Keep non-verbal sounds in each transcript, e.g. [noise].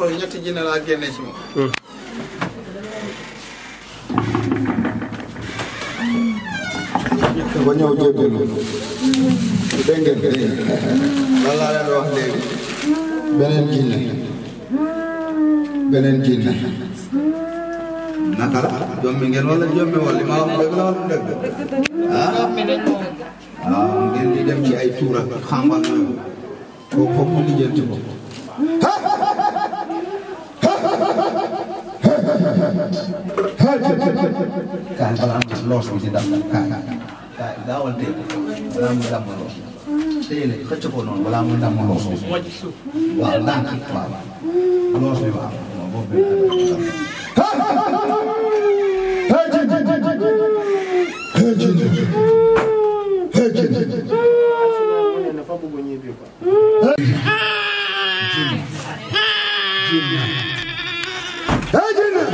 tooy ñetti jinne laa génne ci moom. Hmm. ba ñëw jébbalu dégg ngeen dégg lan laa leen wax léegi beneen jinne beneen jinne naka la jommi ngeen wala jommi wala li ma wax dëgg la wala dëgg ah waaw ah, ngeen di dem ci ay tuura xambal na ko foog mu lijjanti ko ha kaay balaa am loos bi ci ndam kaay kaay gaawal tey balaa muy ndam loos tey la xëcc ko noonu balaa muy ndam loos waaw ndànk waaw loos bi waaw boobu Hey, Junior!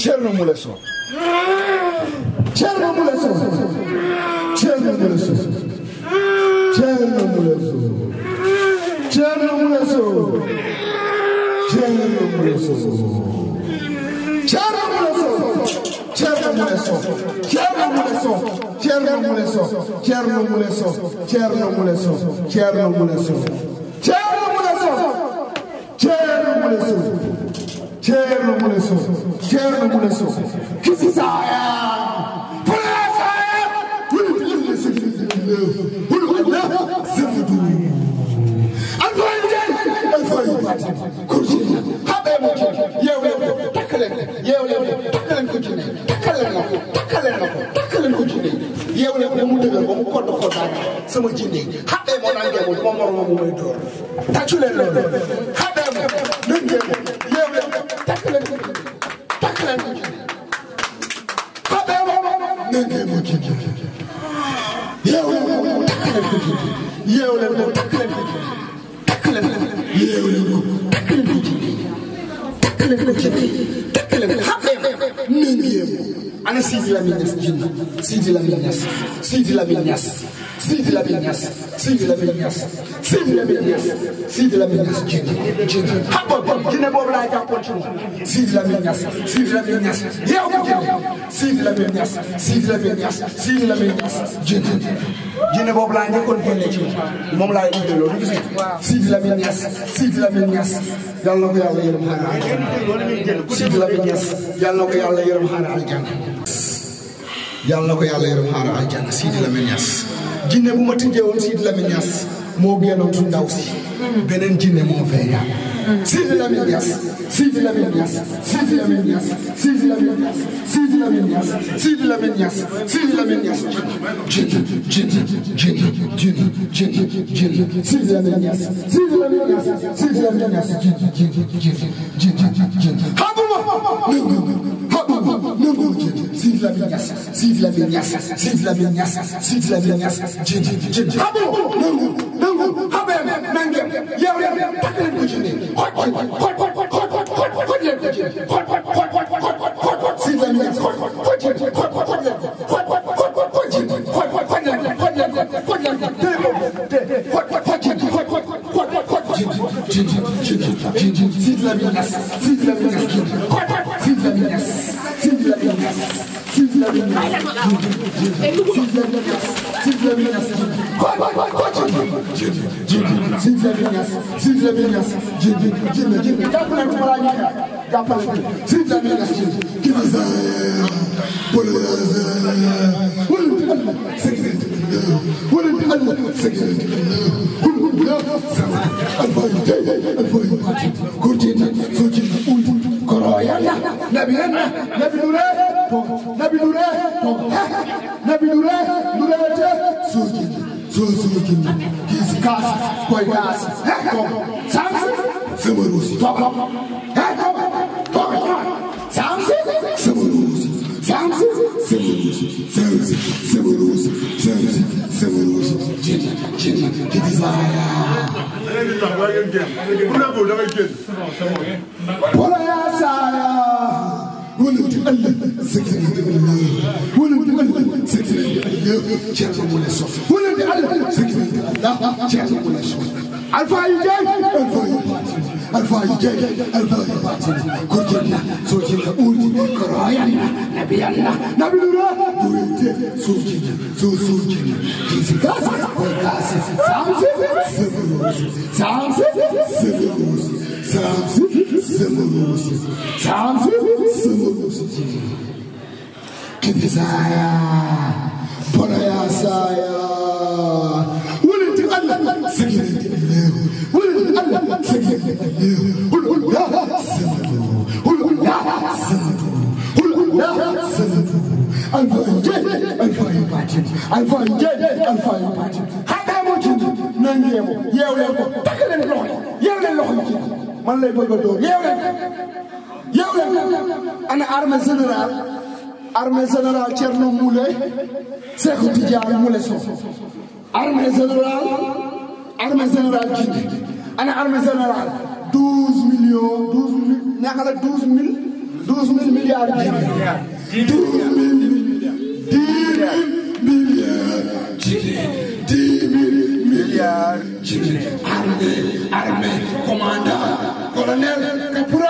Thierno Moule Sow Thierno Moule Thierno Moule Sow Thierno Moule Sow kisisaya sama jinne xàmmee moo naan gëmul moom moo may dóor tàccu leen loolu xàmmee moo takk leen takk leen Pape Demba nee mu ci yeewu leen takk leen yeewu leen takk leen takk leen yeewu leen takk leen takk leen takk leen xam ngeen ana Sidi Lamine Niass jinn Sidi Lamine Niass Sidi Lamine Niass Sidi Lamine Niass Sidi Lamine Niass Sidi Lamine Niass Sidi Lamine Niass jinn jinn xam nga jinne boobu laa jàppoon ci moom Sidi Lamine Niass Sidi Lamine Niass yeew ko jinne Sidi Lamine Niass Sidi Lamine Niass Sidi Lamine Niass jinn jinne boobu laa njëkkoon génne ci moom laa yëg loolu gis nga Sidi Lamine Niass Sidi Lamine Niass yàlla na ko yàlla yërëm xaar aljanna Sidi Lamine Niass yàlla na ko yàlla yërëm xaar aljanna yàlla na ko yàlla yaram xaaral aljana Sidi Lamine Niass jinne bu ma tijjee woon Sidi Lamine Niass moo génnoon su ndaw si beneen jinne moo fee yàlla Sidi Lamine Niass Sidi Lamine Niass Sidi Lamine Niass Sidi Lamine Niass Sidi Lamine Niass Sidi Lamine Niass Sidi nangu nangu jën Sidi Lamine Niass Sidi Lamine Niass Sidi Lamine Niass Sidi Lamine Niass jën jën xamu nangu nangu xamee nangem yow yow takk leen ko jëndee xoj xoj xoj xoj xoj xoj xoj xoj leen ko jëndee xoj xoj xoj xoj xoj xoj xoj xoj Sidi Lamine Niass xoj xoj xoj jën xoj xoj xoj leen ko xoj xoj xoj xoj xoj jën xoj xoj xoj leen ko xoj leen ko xoj leen ko tee ko tee xoj xoj xoj jën xoj xoj xoj xoj xoj jën jën jën jën Sidi Lamine Niass Sidi Lamine Niass jën Nabi Nabi Nure tong nabi nure tong nabi nure nure te surkin surkin kis kas koy kas tong sans semerus top top top sans semerus sans semerus sans semerus sans semerus jin jin ki desire voilà secret bi dëgg la wóor leen di àll secret bi ak yëpp Thierno Moule Sow wóor leen di àll secret bi ak Thierno Moule Sow Alpha yi jaay Alpha yi baati Alpha yi jaay Alpha yi baati kurjinna sojinna uurjinna koroyanna nabiyanna nabiyura burite surjinna sursurjinna kisi gasi kolgasi samsi semurusi samsi semurusi samsi semurusi samsi semurusi bisaya bana ya saya wulin ti Allah sigin ti Allah wulin ti Allah sigin ti Allah hul hul ya sanadu hul hul ya sanadu hul hul ya sanadu alfanje alfayin batin alfanje alfayin batin hada mutum nan yemo yewlen ko takalen loxo yewlen loxo ci man lay bëgg door yewlen yewlen ana armée générale armée générale Thierno Moule Sékou Tidiane Moule Sow armée générale armée générale Djindi ana armée générale douze millions douze mille ñaata la douze mille douze mille milliards Djindi douze mille dix mille milliards Djindi dix mille milliards Djindi armée armée commandant colonel caporal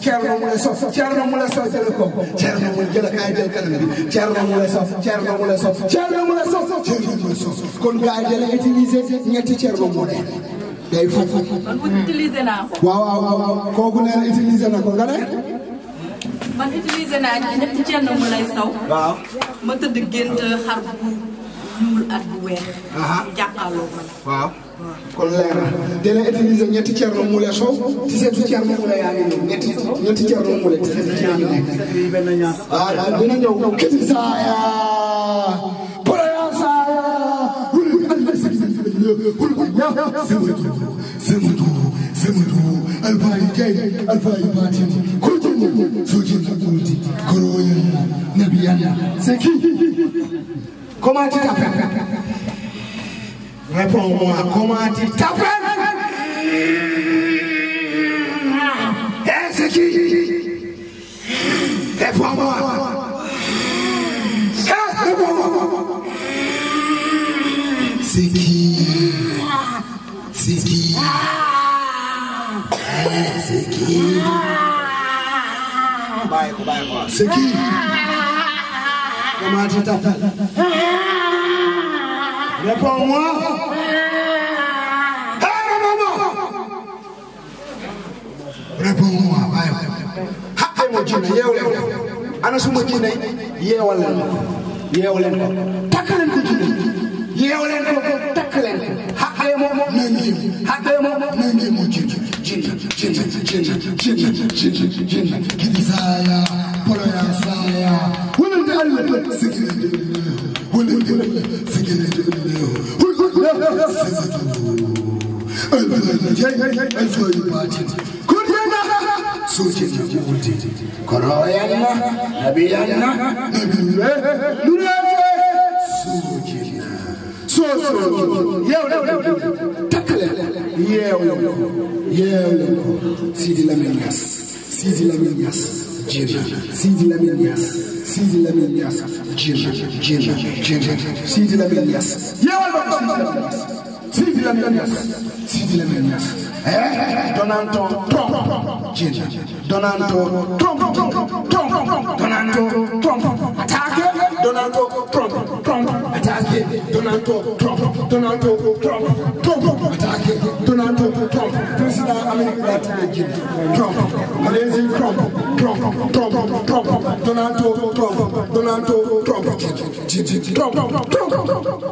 Thierno Moule Sow Thierno Moule Sow jël ko Thierno Moule jël kaay jël kanam bi Thierno Moule Sow Thierno Moule Sow Thierno Moule Sow Thierno Moule Sow kon gars yi dana utiliser ñetti Thierno Moule day faj. man utiliser naa ko. waaw waaw waaw kooku nee na utiliser na ko nga ne. man utiliser naa ci ñetti Thierno Moule Sow. waaw. ma tëdd gént xar bu ñuul at bu weex. jàkkaarloo man. waaw. kon leer na dina utiliser ñetti Thierno Moule Sow ci seetu Thierno Moule yaa ngi nii ñetti ñetti Thierno Moule ci seetu Thierno Moule waaw dina ñëw kisi saya proya saya sematu sematu sematu alfayi gay alfayi batin kojin sojin kulti koroyen nabiyan seki comment tu t'appelles Réponds-moi, comment tu t'appelles Eh, c'est qui Réponds-moi. réponds-moi. C'est qui C'est qui C'est qui C'est qui Comment tu t'appelles Réponds-moi. bomoa bayo haɓɓe mo jinna yewlen ko ana suma jinnayi yewallen ko yewlen ko takkalen ko jinnayi yewlen ko takkalen haqqe mo nandimo haqqe mo nandimo jinna jinna jinna jinna jinna jinna jinna kidi saya poloya saya wonande allah siginede wonande siginede siginede alfayi alfayi batin sojin na kuɗi koroyan na nabiyan na nabiye nuraje sojin na so so yau takala yau yau sidi lamin yas sidi lamin yas Jina, Sidi Lamine Niass, Sidi Lamine Niass, Jina, Jina, Jina, Sidi Lamine Niass. Yawal ba Sidi Lamine Niass, Sidi Lamine Niass, Sidi Lamine Niass. eh donanto trom jin donanto trom trom donanto trom attaque donanto trom Attaque Donaldo Trump, Donaldo Trump, Trump. Attaque Donaldo Trump, President America Trump, Malaysian Trump, Trump, Trump, Trump, Donaldo Trump, Donaldo Trump, Trump, Trump,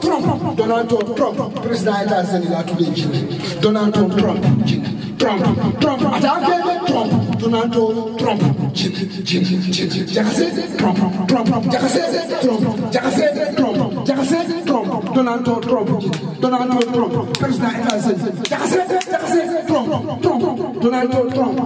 Trump, Donaldo Trump, President Tanzania today, Donaldo Trump. Trump, Trump, attaque, Trump, Donaldo, Trump, Jim, Jim, Jim, Jacasset, Trump, Trump, Jacasset, Trump, Jacasset, Trump. jaxase Trump Donald Trump Donald Trump président États-Unis jaxase jaxase Trump Trump Donald Trump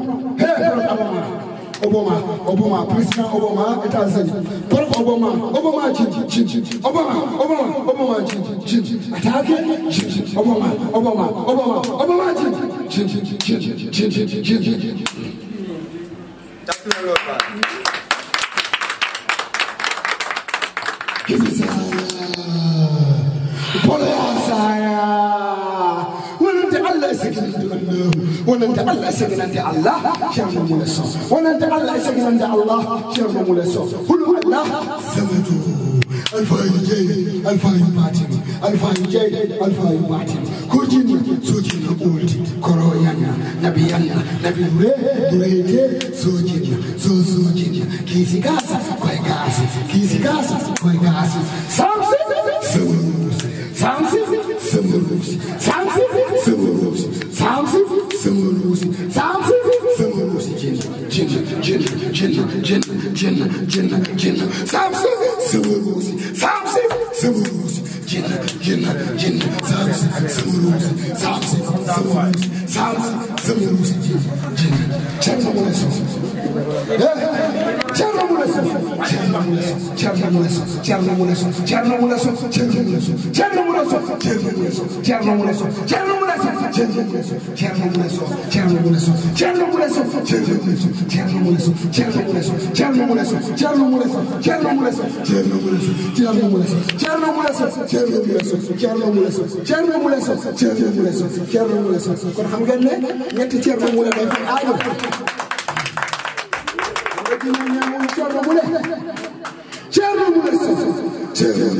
Obama Obama président Obama États-Unis Barack Obama Obama Jin Jin Obama Obama Obama Jin Jin attaqué Jin Obama Obama Obama Obama Jin Jin Jin Jin Jin Jin Jin Jin boolewaa saaya wonante allah e saginande allah wonante allah e saginande allah ceerno mule so wonante allah e saginande allah ceerno mule so hoɗum allah samadu alfayu jeyi alfayu batini alfayu jeyi alfayu batini ko jinna sojinna ɓoldi koro yanna nabi yanna nabi dure dureyte sojinna so sojinna kiisi gasa koye gasi kiisi gasa koye gasi samsi samadu Samsi sama ruusi Samsi sama ruusi Samsi sama ruusi Samsi sama ruusi jën jën jën jën jën jën jën jën Samsi sama ruusi Samsi sama ruusi jën jën jën Samsi sama ruusi Samsi sama ruusi Samsi sama ruusi jën jën jën kon xam ngeen ne ñetti ceerno mu la day faj aajo Thierno mu ne Thierno mu ne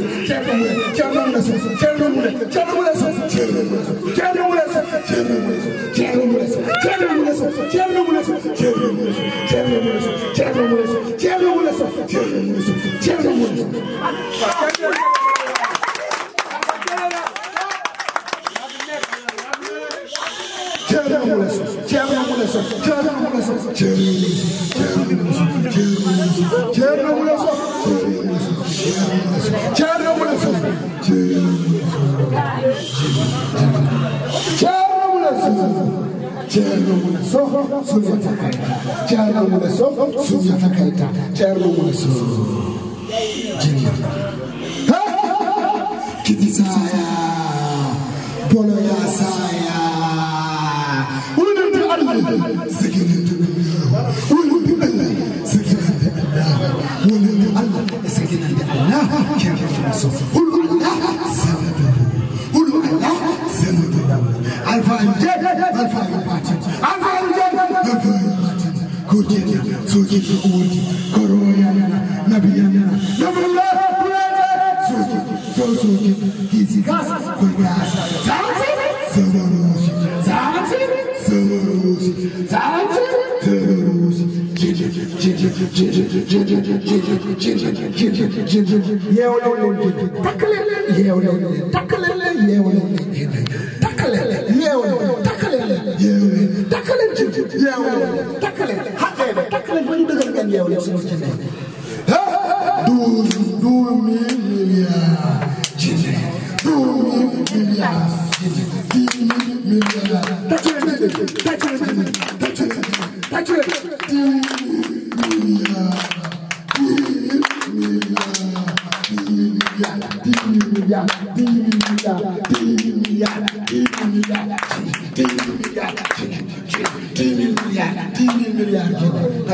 Sow Thierno Moule Thierno Moule Sow Thierno Moule Thierno Moule Sow Thierno Moule Sow Thierno Moule Ceerno Moule Sow Sunjata Kayta Ceerno Moule Sow Sunjata Kayta Ceerno Moule Sow jërëjëf kiti saya bolo ya saya wulunde Allah sikirinde Allah wulunde Allah sikirinde Allah wulunde Allah sikirinde Allah Ceerno Moule Sow wulunde Allah alfahari je alfahari batin alfahari je alfahari batin ko jeni sojeji uwoji koroyanna nabiyanna nabiyullah soji so soji kisi kas kolgas zanti seworoji zanti seworoji zanti seworoji yeewlew leen yeewlew leen yeewlew leen yeewlew leen yeewu takk leen xàqee leen takk leen ba ñu dëgër ngeen yeewu leen suñu jinne douze douze mille milliards jinne douze mille milliards jinne dix mille milliards takk leen takk leen takk leen dix mille milliards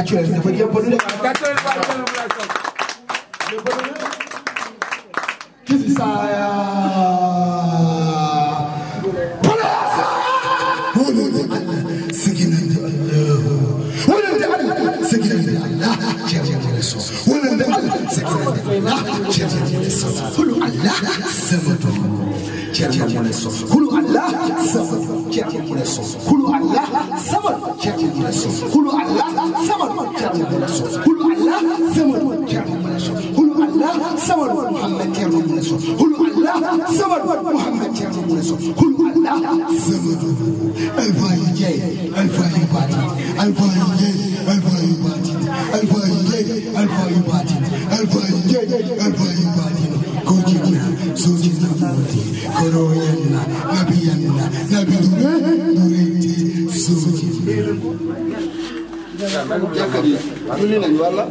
naturel dafa jëm ba du julli nañ walla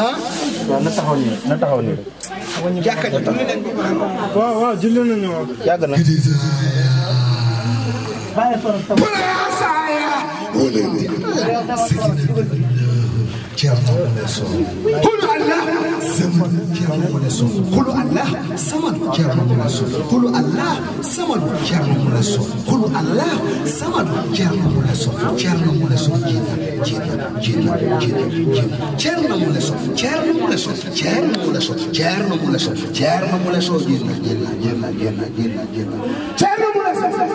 ah. waaw na taxaw ni na taxaw nii. jàkka ji julli nañ na. kiyama wala so kulu allah samad kiyama wala so kulu allah samad kiyama wala so kulu allah samad kiyama wala so kulu allah samad kiyama wala so kiyama wala so jina jina jina jina jina kiyama wala so kiyama wala so kiyama wala so kiyama wala so kiyama wala so jina jina jina jina jina kiyama wala so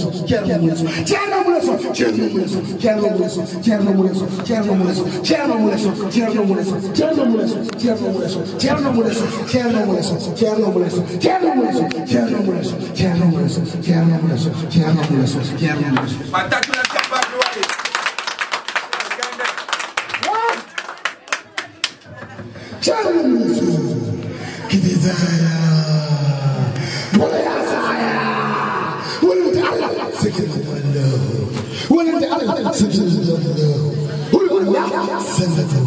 Sow Thierno Moule Sow Thierno Moule Sow Thierno Moule Sow Thierno Moule Sow Thierno Moule Sow Thierno Moule Sow Thierno Moule Sow Thierno Moule Sow Thierno Moule Sow Thierno Moule Sow Thierno Moule Sow Thierno Moule Sow Thierno Moule Sow Thierno Moule Sow Thierno Moule Sow Thierno Moule Sow Thierno Moule Sow Thierno Moule Sow Thierno Moule Sow ma tàggu na jàmbaar bi waaye Thierno Moule Sow ki di zaaya سجن الله ولد على سجن الله والله سنته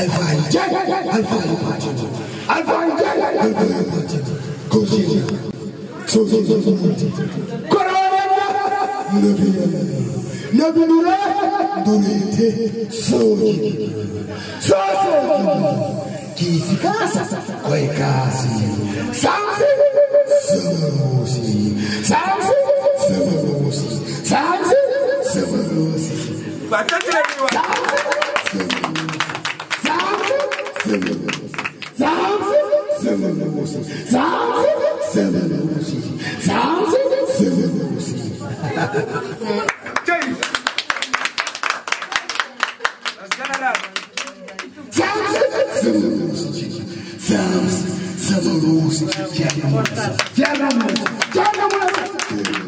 الفان جاي الفان باجي الفان جاي الفان باجي كوشي سو سو سو سو كورونا نبي نبي نور دوريت سوجي سوجي kisi casa, koi kasi, samsi, samusi, samsi. sëbëb aussi. saa si sëbëb aussi. waa kër gi la ñuy wax. Jàngal ma jàngal ma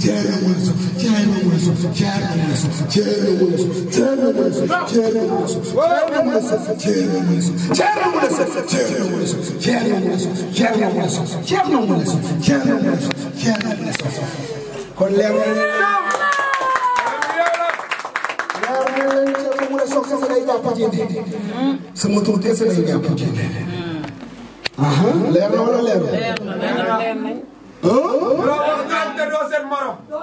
Tear away the soul. Tear away the soul. Tear away the soul. Tear away the soul. Tear away the soul. Tear away the soul. Tear away the soul. Tear away the soul. Tear away the soul. Tear away the soul. Tear away the soul. Tear away the soul. Tear away the soul. Tear away the soul. Tear away the soul. kon leer na leen. leer na leen ca mu ne soog sama day jàpp jënde. sama tur kese lay jàpp jënde. leer na wala leer na. doo ñaan te doo seen morom. doo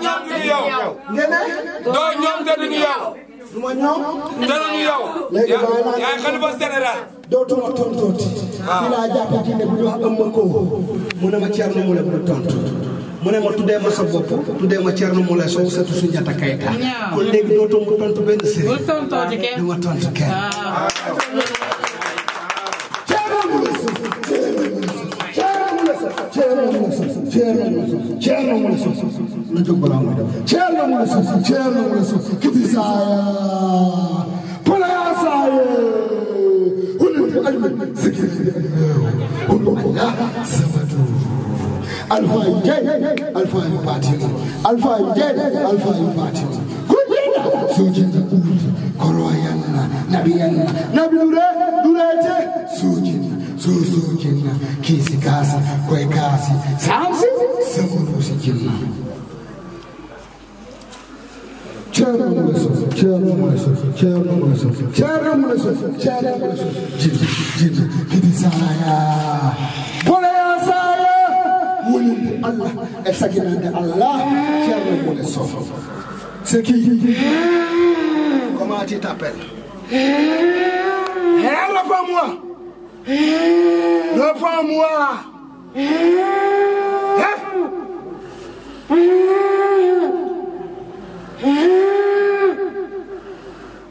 ñoom duñu yow. ngeen ñoom duñu yow. ngeen ñoom te duñu yow. ñoom. te duñu yow. léegi bàyyi naa yaay xalifa général. ci ne bu ñu wax mu ne ma Thierno mu tontu. mu ne ma tuddee ma sa bopp tuddee ma Thierno Moule Sow sëtu Soundiata Keita. kon léegi dootuma tontu benn sëriñ. bu tontooti kenn. Thierno Moule Sow Thierno Moule Sow la jóg kiti saaya palaya saaya huliti almi sikiri hulukula sabatu alfa yi jey alfa yi batin alfa yi jey alfa yi batin kujina sojinda koroyanna nabiyanna nabi dure durete sojinda suusu jinna kiisi kaasa koye kaasi saamsi samuruusi jinna ceerno muleso ceerno muleso ceerno muleso ceerno muleso ceerno muleso jinna jinna kiti saaya boleya saaya wulinde allah e saginande allah ceerno muleso c'est qui comment tu t'appelles Hello for moi Reprends-moi.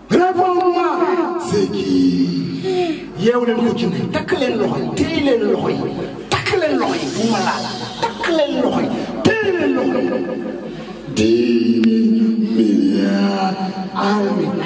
Reprends-moi. C'est qui yeewu leen ko ci ne takk leen loxo yi téye leen loxo yi takk leen loxo yi bu ma laal takk leen loxo yi téye leen loxo yi. dix mille milliards armée.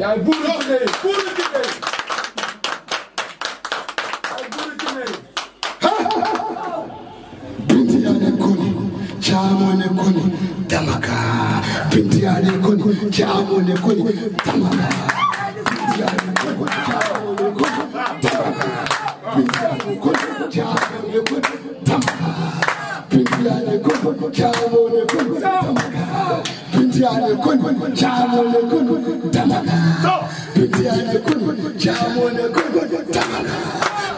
yaay buuru ci ne buuru ci ne yaay buuru ci ne binti yaa ne koni caamoo ne koni damaka binti yaa ne koni caamoo ne koni damaka binti yaa ne koni caamoo ne koni damaka binti yaa ne koni caamoo ne koni damaka binti yaa ne koni caamoo ne koni damaka pitiyale kun chamole kun tamaka pitiyale kun chamole kun tamaka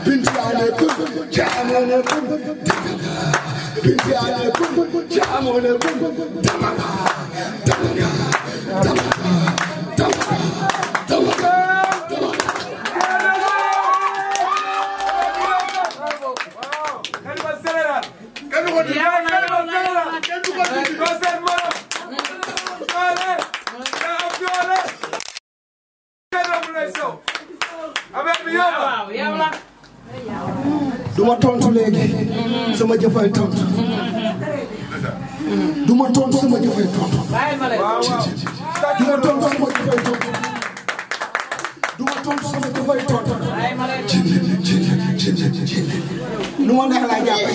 pitiyale kun chamole kun tamaka pitiyale kun chamole kun tamaka tamaka tamaka ngay sew affaire bi yow la yow la du ma tontu léegi sama jëfay tontu du ma tontu sama jëfay tontu du ma tontu sama jëfay tontu du ma tontu sama jëfay tontu nu ma neex laa jàpp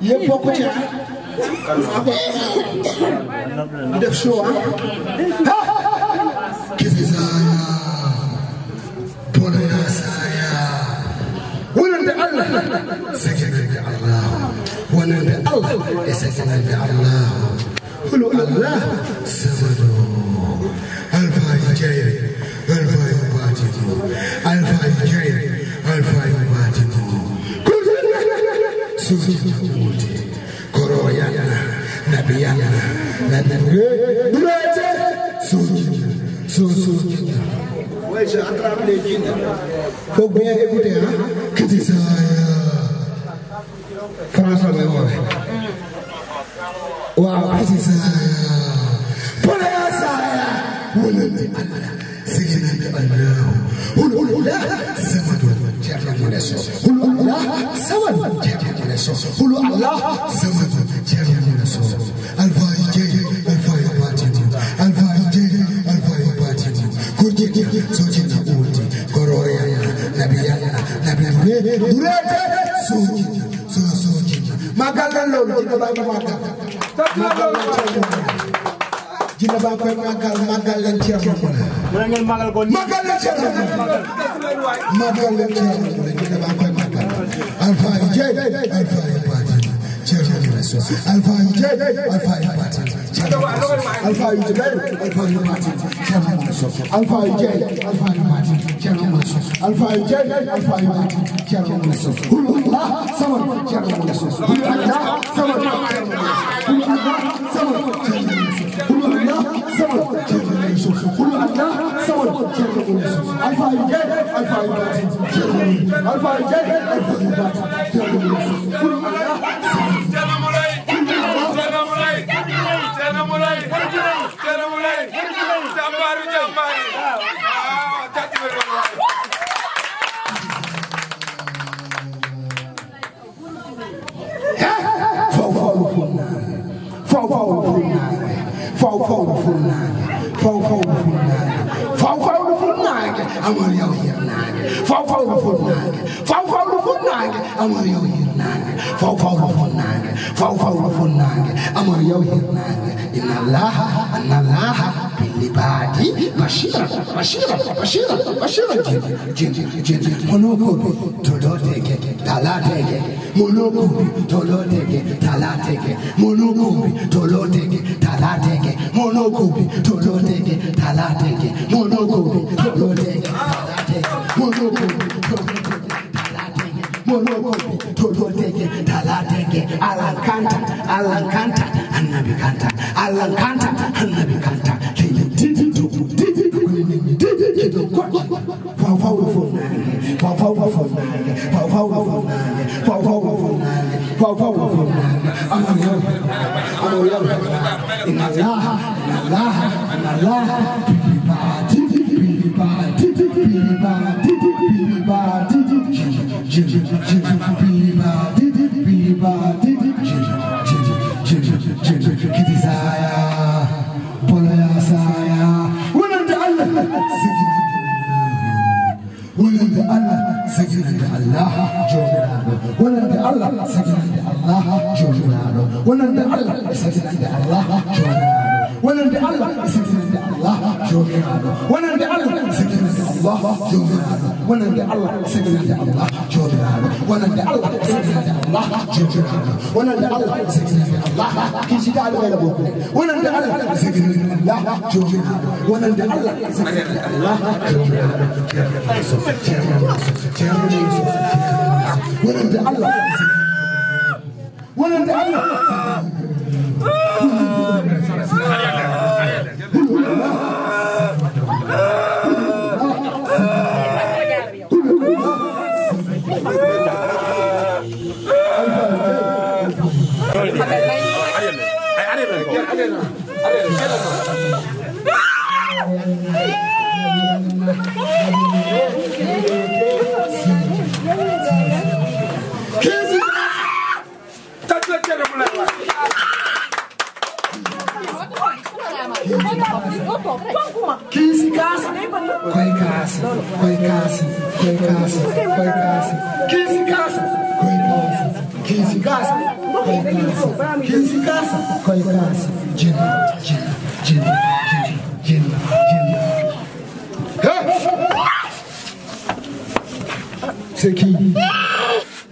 yëpp bokk ci ah def show ah wala yaa saaya wonande allah sakinande allah wonande allah e sakinande allah holo allah samado alfayi jeyre alfayi batino alfayi jeyre alfayi batino kotoa sojina wude koro yanna nabi yanna nabi ɗurete sojina so sojina je attrape les djinns. Faut bien écouter, hein. Qu'est-ce que François may woowe waaw asi saya pole ya saya wulandi allah siginande allahu hululla samadun ceerlamune so hululla samadun ceerlamune so hulu allah samadun ceerlamune so dureete soo jija soo soo jija màggal na loolu jina baa ngi màggal màggal leen ceerno jina baa koy màggal màggal leen ceerno màggal leen ceerno màggal leen ceerno jina baa koy màggal alfaayu jeey alfaayu baatin ceerno jina soo alfaayu jeey alfaayu baatin ceerno alfaayu jeey alfaayu baatin ceerno alfaayu jeey alfaayu baatin ceerno منصور الفا الجاي الفا يمات كيرو منصور كل الله صمد كيرو منصور كل الله صمد كل الله صمد كل الله صمد كيرو منصور كل الله صمد كيرو منصور الفا الجاي الفا يمات كيرو الفا الجاي الفا يمات كيرو منصور كل الله faw faw rufunange faw faw rufunange amar yow hirnange faw faw rufunange faw faw rufunange amar yow hirnange inna allaha anna allaha bilibadi bashira bashira bashira bashira jin jin jin monokobi tolotege talatege monokobi tolotege talatege monokobi tolotege talatege monokobi tolotege talatege monokobi tolotege Allah kanta Allah kanta annabi kanta Allah kanta annabi kanta leydi didi to didi didi to goɗɗo faw fawɗo fof nange faw fawɗo fof nange faw fawɗo fof nange faw fawɗo fof nange faw fawɗo fof nange amal yal amal yal inna allaha inna allaha inna allaha bibati bibati bibati bibati bibati bibati wonande allah e satinande allah jomiraɗo wonande allah e satinande allah jomiraɗo wonande allah e satinande allah jomiraɗo wonande allah e satinande allah jomiraɗo wonande allah e satinande allah jomiraɗo wonande allah e satinande allah kijiɗaɗo wayla boko wonande allah e satinande allah jomiraɗo wonande allah e satinande allah jomiraɗo ceerno yusuf ceerno yusuf ceerno yusuf wonande allah e satinande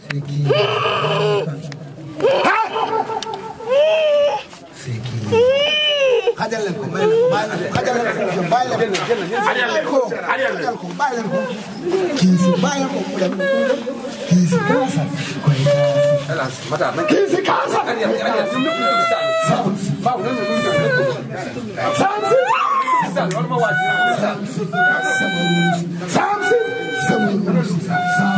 xajal leen ko bàyyi leen ko xajal leen ko bàyyi leen ko xajal leen ko bàyyi leen ko kii si bàyyi ko mu dem kii si kaasa koy kaasa kii si kaasa samsi samsi samsi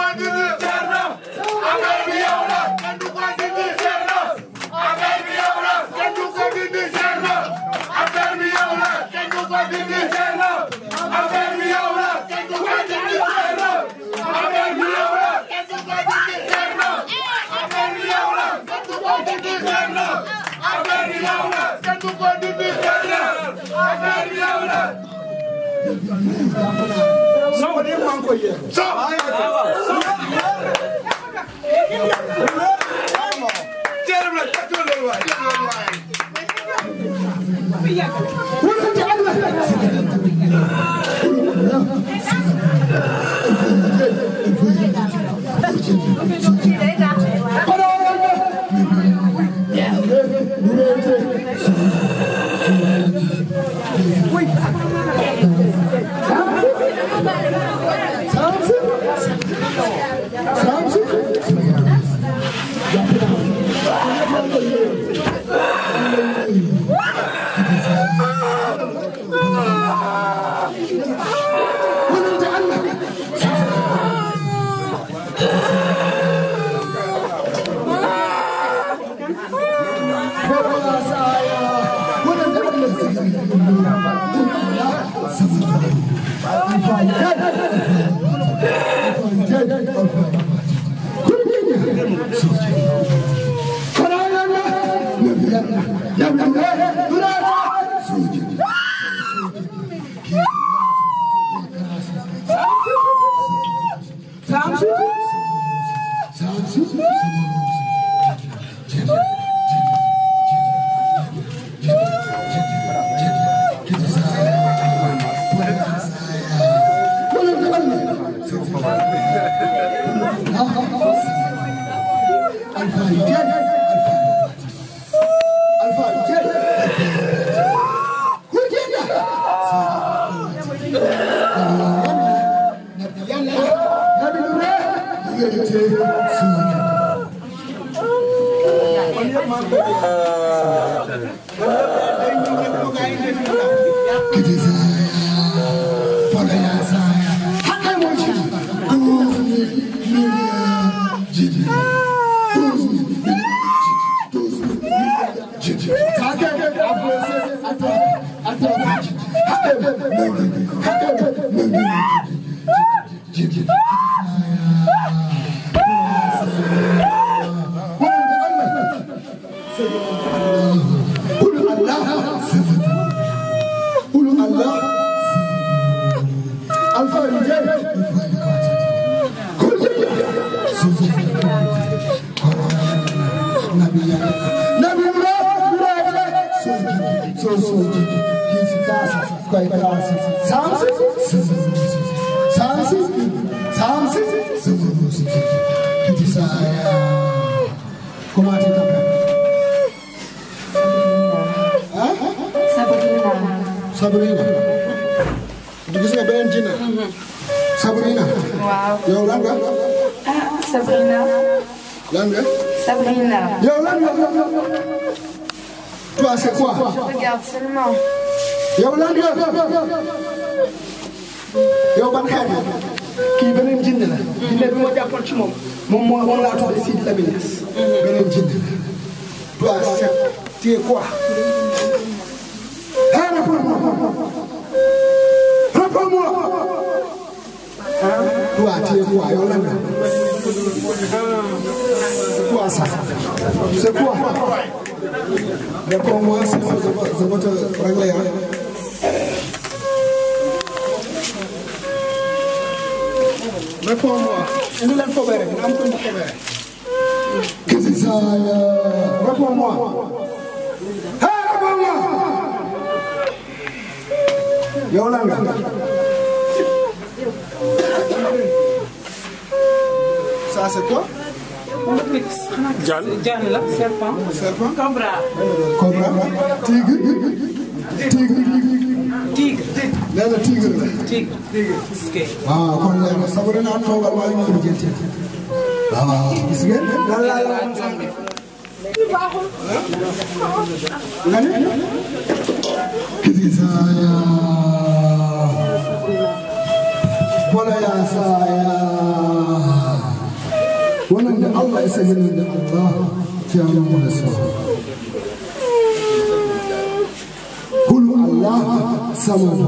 Affaire bi yow la Somebody man ko ye. So. Thank you. nabiyana nabiyana soji so soji his casa kai casa samsi samsi samsi samsi kitisaya kuma ta taka Sabrina Sabrina Duk suna bayan jina Sabrina Wow Yau langa ah, Sabrina Langa Sabrina. Yo, là, Toi, c'est quoi Je regarde seulement. Yo, là, yow ban xeet la kii beneen jind la. jinne bi ma jàppoon ci moom. moom moo moom laa toll si la bi nees. beneen jind la. toi c'est quoi. xaaral ku àti eku ayọ̀ lẹ́nu ku àṣà ṣe ku à dẹkọ wọn sì zọbọtọ ça c'est quoi. jaan jaan la la. tigre tigre. waaw ah, kon léegi nag sabu danaa toogal waaye ñu ngi jënd waaw ah, waaw gis la wax. nga ne. سبيل الله تعلمون السواء قل الله صمد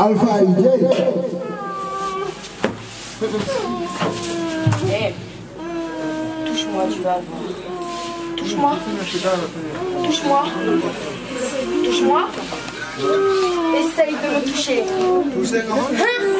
الفائدة Touche-moi, tu vas voir. Touche-moi. Touche-moi. Touche-moi. Essaye de me toucher. Toucher comment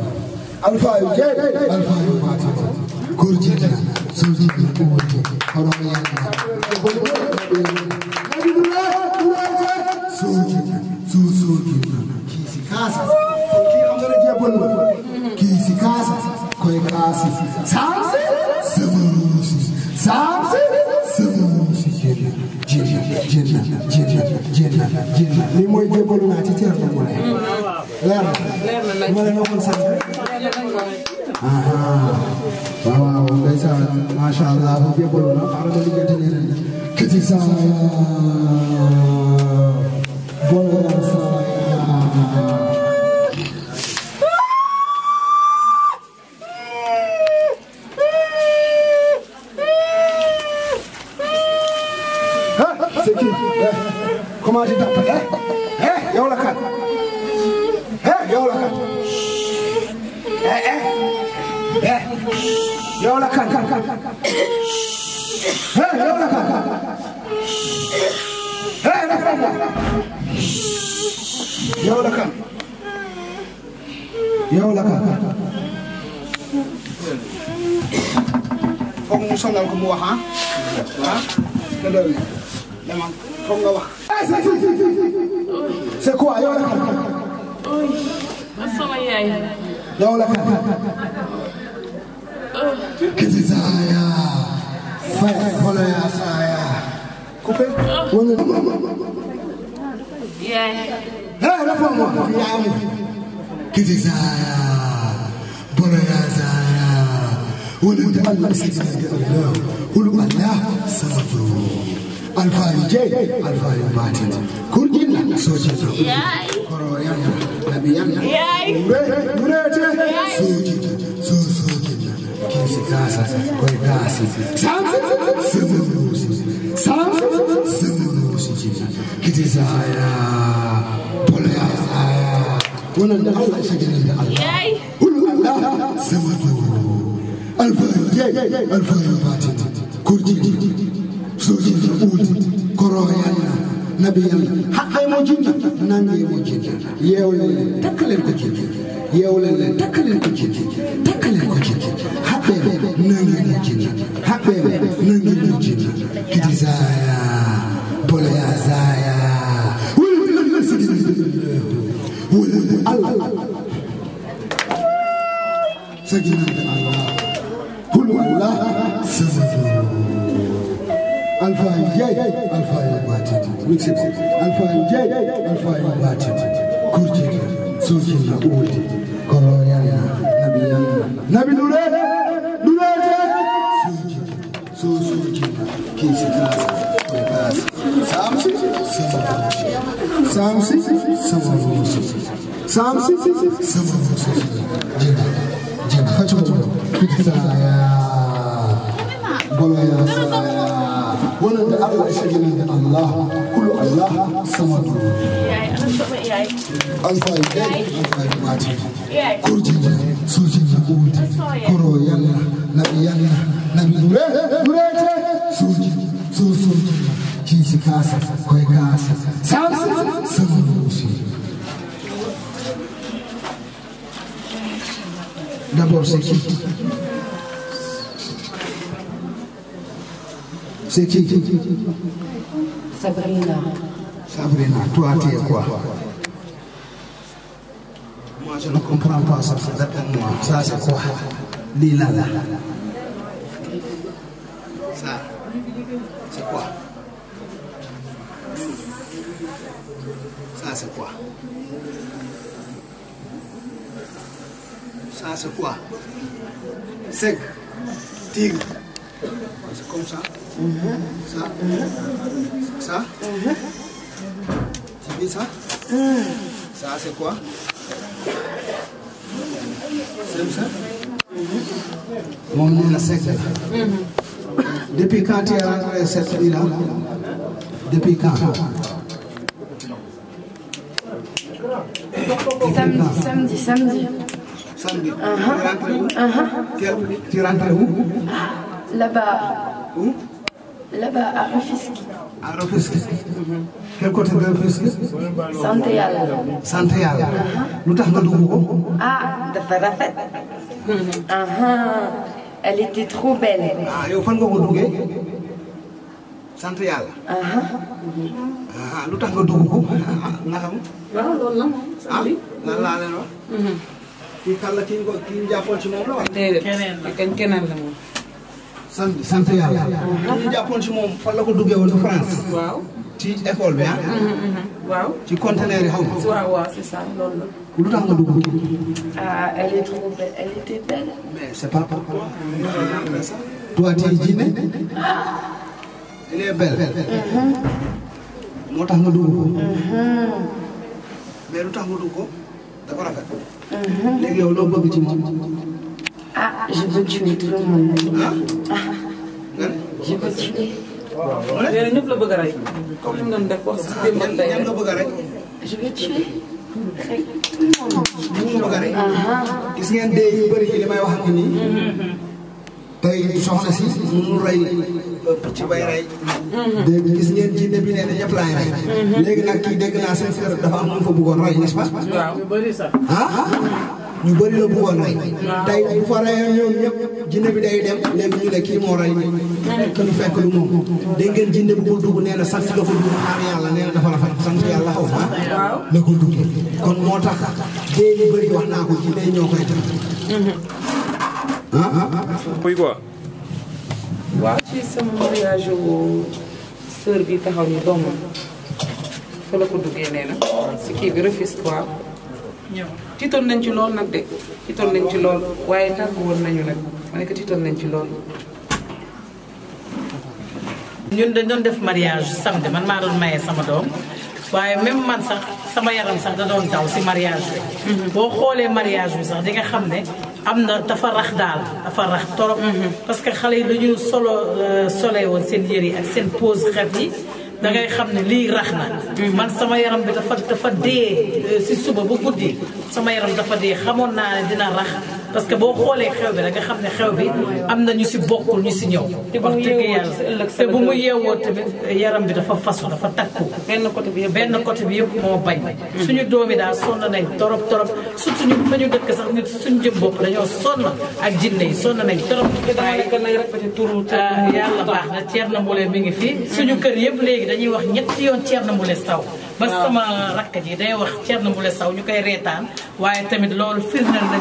alfaayu jeex alfaayu maati góor jigéen sooji bi ko wonde hono ma yalla sooji su sooji kiisi kaasa ki amana je bonno kiisi kaasa koye kaasi samse samarusi samse samarusi jenna jenna jenna jenna jenna jenna ni moy je bonno naati ceerno mo lay leer na li ma leen waxoon sànq ah, ah. waaw waaw ndeysaan macha allah bu jébbalu na xaaral ma liggéeyati ñeneen kiti sa boole ah, sa eh, comment tu t'appelles yow la kan yow la kan foog mu sonal ko mu wax ah ah nga doon dama foog nga wax. c'est quoi yow la kan. sama yaay. yow la kan. Kiti saya, saya follow ya saya. Coupé. Yeah. Hey, réponds-moi. Yamu. Kiti saya, follow ya saya. ولد الله سيدنا الله ولد الله سبحانه الفاري جاي الفاري باتن كل جنة سوجي كرويانا نبيانا مريتة سوجي Gaza, koy gaasi Samsun sınır musi Samsun sınır musi Gidi zaya Polaya zaya Wannan da Allah shi gidan da Allah Ulullah sınır Alfahim Alfahim batin Kurdi Sojin Udi Koroyan Nabiyan Hakkay mojinna Nani mojinna Yewle Takkalin kukin Yewle Takkalin kukin Takkalin kukin nangi haɓɓe nangi mijini kiti saya boloya saya wulde allah saginande allah hulu allah samado alpha ndiaye alpha yo batid mixib alpha ndiaye alpha yo batid kurjid sojinna uudi koroyana nabiyana nabi nurede kinshi class my class samsi samsi samsi samsi samsi jiba jiba kacho pizza ya bolo ya wannan da Allah ya shige da Allah kullu Allah samadu an fa yi an fa yi mati kurjin sojin ya kuta koro yalla nabi yalla nabi dure dure soji so soji kisi kasa koi kasa samsa sama musu d'abord c'est qui c'est qui Sabrina Sabrina toi tu es quoi moi je ne comprends pas ça c'est moi ça c'est quoi lii la la ça c'est quoi Sec, tigre, c'est comme ça. Mm -hmm. Ça, mm -hmm. ça. Mm -hmm. Tu vis ça Ça c'est quoi C'est ça Mon nom est sec. Depuis quand tu es rentré cette nuit-là Depuis quand Samedi, samedi, samedi. samedi. Ah, ah. rentré wu. Ah, teel ci rentré wu. ah là-bas. où. là-bas à Rufisque. à Rufisque. quel côté de Rufisque. sant yàlla. sant yàlla. lu tax nga dugg ko. ah dafa rafet. elle était trop belle. ah yow fan nga ko duggee. sant yàlla. lu tax nga dugg ko. naka. waaw loolu la moom. ah lan laa leen wax. Mm-hmm. kii kan la kii nga kii nga jàppoon ci moom la wala. déedéet keneen keneen la moom. sant sant yàlla. kii nga jàppoon ci moom fan la ko duggee woon France. waaw ci école bi ah. Mhm, mhm. waaw ci conteneur yi xaw ma. waaw waaw c'est ça loolu la. lu tax nga dugg. ah elle est trop belle elle était belle. mais c'est pas pourquoi. toi tu es jinne. elle est belle. Mhm. moo tax nga dugg ko. mais lu tax nga dugg ko. dafa rafet. Mhm. léegi yow loo bëgg ci moom. ah je veux tuer tout le monde. ah. ah. je veux tuer. waaw ñëpp la bëgg a rey. comme li mu doon def wax si démb la tey rek. bëgg a rey. je veux tuer. ñëpp bëgg a rey. Ah, ah. gis ngeen dee yu bëri yi li may wax ak nii. Mhm. tey soxna si mënul rey. picc bay rey. Mhm. dégg nga gis ngeen jinne bi nee na ñëpp laay rey. Mhm. léegi nag kii dégg naa seen frère dafa am lu mu fa bëggoon rey n'est-ce ñu bëri sax. ah mhm. ñu bëri la bëggoon rey. tay tey bu fa reyoon ñoom ñëpp jinne bi day dem léegi ñu ne kii moo rey ñun. te lu fekk lu moom. dégg ngeen jinne bu ko dugg nee san sant la ko dugg xaar yàlla nee na dafa rafet sant yàlla xaw ma la ko moo tax dee ñu bëri wax naa ko ci day ñoo koy def. ah, ah, ah. waaw ci sama mariage wu sœur bi taxaw ni doomam fa la ko duggee nee na si kii bi refuse quoi tiitoon nañ ci lool nag de tiitoon nañ ci lool waaye tàgg woon nañu nag ma ne tiitoon nañ ci lool ñun dañ doon def mariage samedi man maa doon maye sama doom waaye même man sax sama yaram sax da doon daw si mariage mhm. boo xoolee mariage bi sax di nga xam ne am na dafa daal dafa rax torop mhm. parce que xale yi dañu solo euh, solee woon seen yére yi ak seen pose xef yi da ngay xam ne lii rax na mhm. man sama yaram bi dafa dafa dee euh, si suba ba guddi sama yaram dafa dee xamoon naa ne dina rax parce que boo xoolee xew bi da nga xam ne xew bi am na ñu si bokkul ñu si ñëw. wax dëgg yàlla te bu mu yeewoo tamit yaram bi dafa fasu dafa takku. benn côté bi yëpp benn côté bi yëpp moo bañ. suñu doom yi daal sonn nañ torop torop surtout ñu fa ñu dëkk sax nit suñu jëm bopp dañoo sonn ak jinne yi sonn nañ torop. waaye ah, yàlla baax na Thierno Moule mi ngi fi. suñu kër yëpp léegi dañuy wax ñetti yoon ceer Thierno Moule Sow. ba sama rakk ji day wax Thierno Moule Sow ñu koy reetaan waaye tamit loolu firndeel na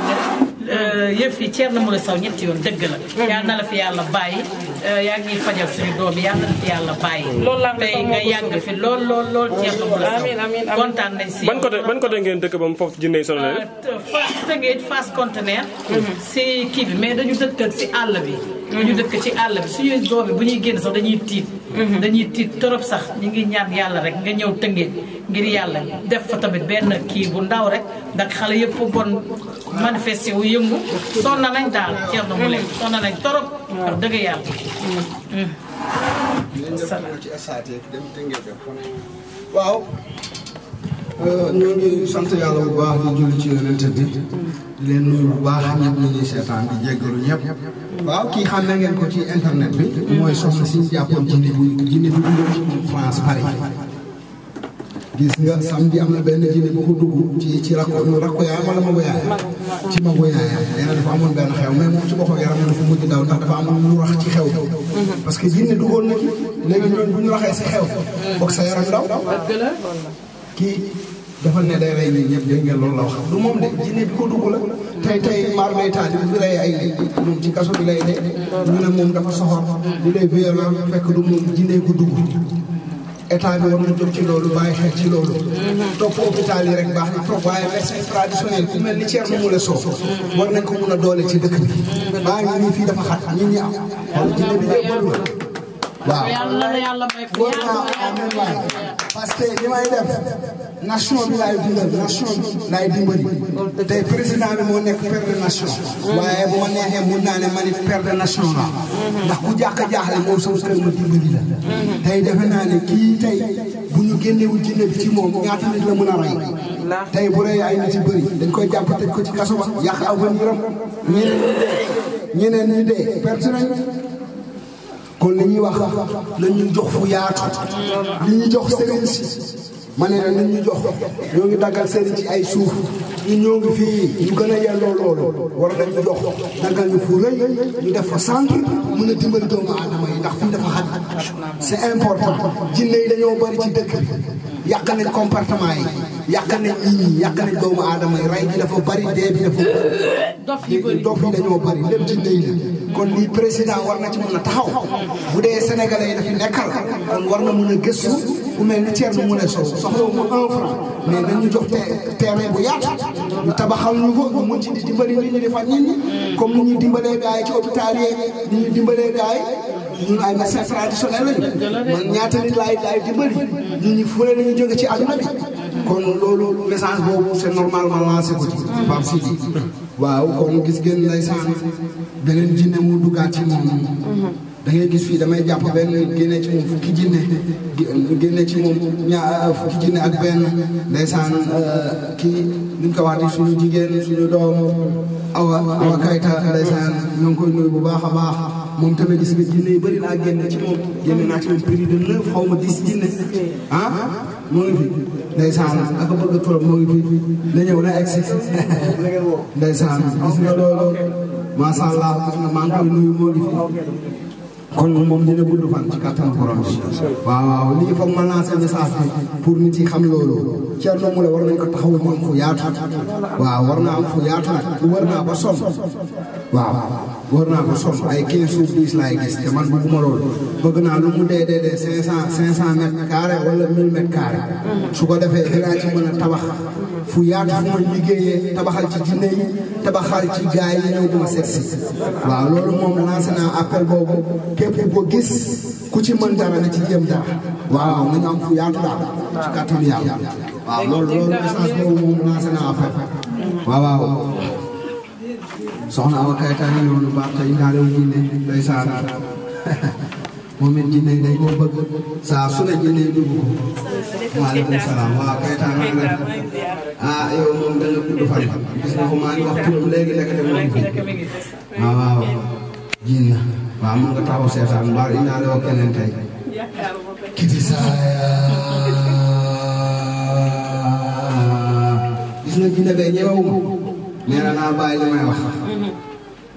euh, yëf yi Thierno Moule Sow ñetti yoon dëgg la mm-hmm. yal na la fi yàlla bàyyi euh, yaa ngi fajal si doom yi yal fi yàlla bàyyi mm-hmm. tey nga yàgg fi lool lool a Thierno Moule Sow kontaan nañ si ban côté ban côté ngeen dëkk ba mu foofu jinne sonal euh, fas tëngeej fas conteneur mm-hmm. si kii bi mais dañu dëkk si àll bi dañu dëkk ci àll bi suñuy doom bu ñuy génn sax dañuy tiit Mm-hmm. dañuy tiit torop sax ñu ngi ñaan yàlla rek nga ñëw tëngee ngir yàlla def fa tamit benn kii bu ndaw rek ndax xale yëpp bon manifesté wu yëngu sonn nañ daal Thierno Moule sonn nañ torop wax dëgg yàlla mm-hmm. Mm-hmm. waaw Euh, ñoo ngi sant yàlla bu baax di julli ci yonent bi di leen nuyu bu baax ñëpp ñu ngi seetaan di jéggalu ñëpp. waaw kii xam na ngeen ko ci internet bi. mooy soxna si jàppoon jinne bu jinne bu dugg France Paris. gis am na benn jinne bu ko dugg ci ci rakko rakko yaay wala mago yaay ci mago yaay nee na dafa amoon xew mais moom ci boppam yaram dafa ndax dafa am lu rax ci xew. parce que jinne duggoon na ci léegi bu ñu waxee si xew. boog sa yaram daw. dëgg kii. dafa ne day rey ñi ñëpp dégg ngeen loolu la wax du moom de jinne bi ko dugg la tey tey maar may taali bi rey ay de ñu ne moom dafa soxor di lay violé fekk du moom na jóg yi rek baax a dafa xat ñi ñi waaw jinne bi day bëri waaw yàlla na li may def nation bi laay dundal nation bi laay dimbali. tey président bi moo nekk père de nation. waaye bu ma neexee mun naa ne man it père de la. ndax ku jàkka jaaxle moom sama kër ma dimbali la. tey defe naa ne kii tey bu ñu génnewul ci bi ci moom la mën a rey. tey bu rey ay nit yu bëri dañ koy jàpp te ko ci kaso ba a aw ba niram. ñeneen ñi dee ñeneen ñi dee kon li ñuy wax la ñu jox fu yaatu. li jox sëriñ si. ma ne la ñu jox ñoo ngi daggal seen ci ay suuf ñu ñoo ngi fii ñu gën a yelloo loolu war nañu jox daggal ñu fu rëy ñu def fa centre mën a dimbali doomu aadama yi ndax fii dafa xat c'est important jinne yi dañoo bari ci dëkk bi yàq nañ comportement yi yàq nañ nit ñi yàq nañ doomu aadama yi rey bi dafa bari dee bi dafa bari dof yi dañoo bari lépp ci ndey kon lii président war na ci mën a taxaw bu dee sénégalais yi dafi a gëstu ku mel ni Thierno Moule Sow soxla wu ma un franc mais nañu jox terrain bu yaatu ñu tabaxal ñu ko ñu mën ci di dimbali nit ñi di faj nit ñi comme ni ñuy dimbalee gars yi ci hôpital yeeg lañu ñaata nit laay laay dimbali ñun ñu fure nañu jóge ci àdduna bi kon loolu message boobu c'est normal ma lancé ko ci Pape Sidi waaw kon gis ngeen ndeysaan beneen jinne mu duggaat ci da ngay gis fii damay jàpp benn génne ci moom fukki génne ci moom ñaar ah, ah, fukki jinne ak benn ndeysaan euh, kii nu ko waxati suñu jigéen suñu doom awa awa kayta ndeysaan ñoo bu baax a baax moom tamit gis nga jinne i bëri naa génne ci moom génne naa ci moom prix de neuf xaw jinne ah moo ngi fi ndeysaan ak bëgg trop moo fi na ñëw na egg si ndeysaan gis nga loolu macha allah gis nga maa nuyu moo ngi fi kon moom dina gudd fan ci kattan borom bi waaw waaw lii foog ma lancer message bi pour nit yi xam loolu Thierno Moule war nañ ko taxawu mu am fu war naa am fu yaatu nag war naa ba waaw war naa ko sonn ay 15 jours 10 laay gis te man bëgguma loolu bëgg naa lu mu dee dee dee 500 500 mètres carré wala 1000 mètres mm-hmm. su ko defee dinaa ci mën a tabax fu yaatu fu ma liggéeyee tabaxal ci jinne yi tabaxal ci gaay yi ñëw duma seet si. waaw loolu moom lancé naa appel boobu képp ko gis ku ci na ci jéem dara. waaw nañu am fu yaatu daal ci kàttan yàlla. loolu loolu message boobu moom lancé naa appel. Mm-hmm. waaw. soxna Awa Kayta ngi noonu baax te jinne day saan [laughs] moom it jinne day ko bëgg saa jinne ah, ah, waaw jinne waaw mun nga taxaw seetaan mbaar indaale woo keneen kiti saaya gis jinne bee ñëwewuma nee naa bàyyi li wax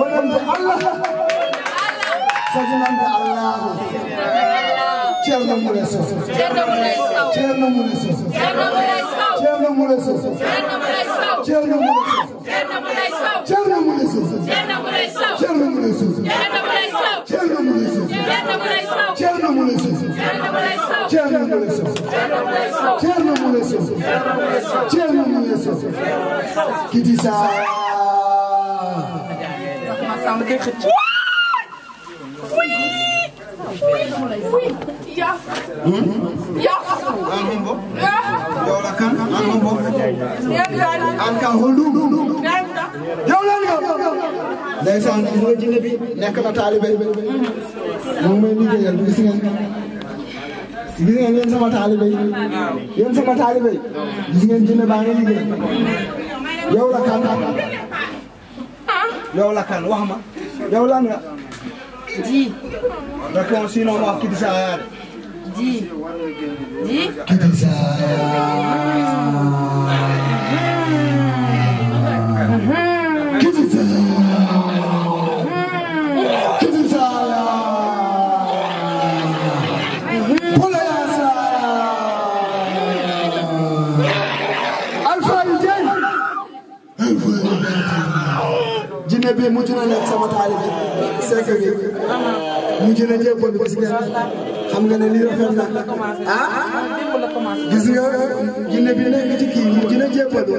waɗande allah sajunande allahu ceerno mule sow ceerno mule sow ceerno mule sow ceerno mule sow ceerno mule sow ceerno mule sow ceerno mule sow ceerno mule sow ceerno mule sow ceerno mule sow ceerno mule sow ceerno mule sow kidisa instant ma koy xëcc. ndeysaan gis nga jinne bi nekk na taalibe moom may liggéeyal gis ngeen gis ngeen yéen sama taalibe yéen sama taalibe gis ngeen jinne baa ngi liggéey yow la kan yow la kan wax ma yow lan nga. ji. d'accord sinon ma wax Kidisa Aya de. ji ji. Kidisa Aya. tey mujj na nekk sama taalibe sekk gi mujj na jébbalu gis ngeen xam nga ne lii rafet na ah gis nga jinne bi nekk ci kii mujj na jébbalu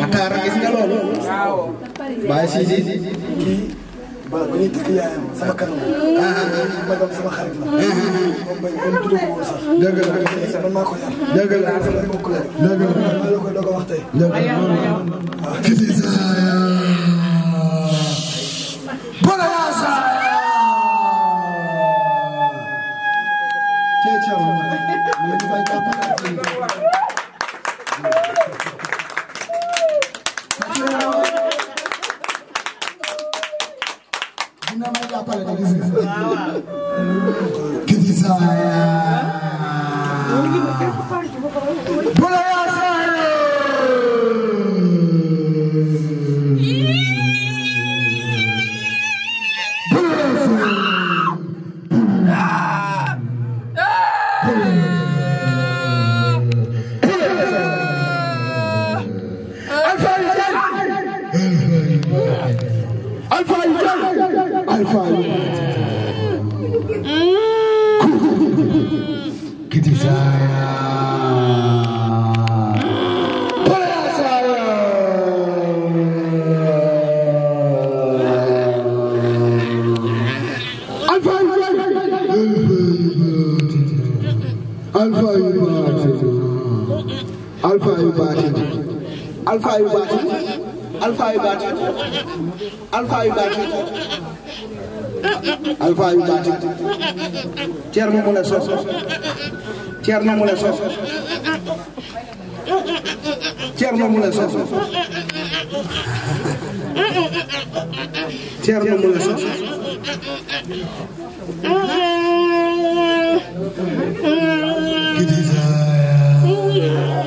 Mataara gis nga loolu. waaw. waaw ba ñuy takk yaayam sama kanam. magam sama xarit la. moom bay ba mu tudd woon sax. dëgg la man maa ko yar. dëgg la bokk la. dëgg la maa la koy doog a wax tey. dëgg la waaw. Kizza Bala Yaasa. Cee cee woon. waaw waaw alpha yu baati alpha yu baati alpha yu baati alpha yu baati [laughs] سيدنا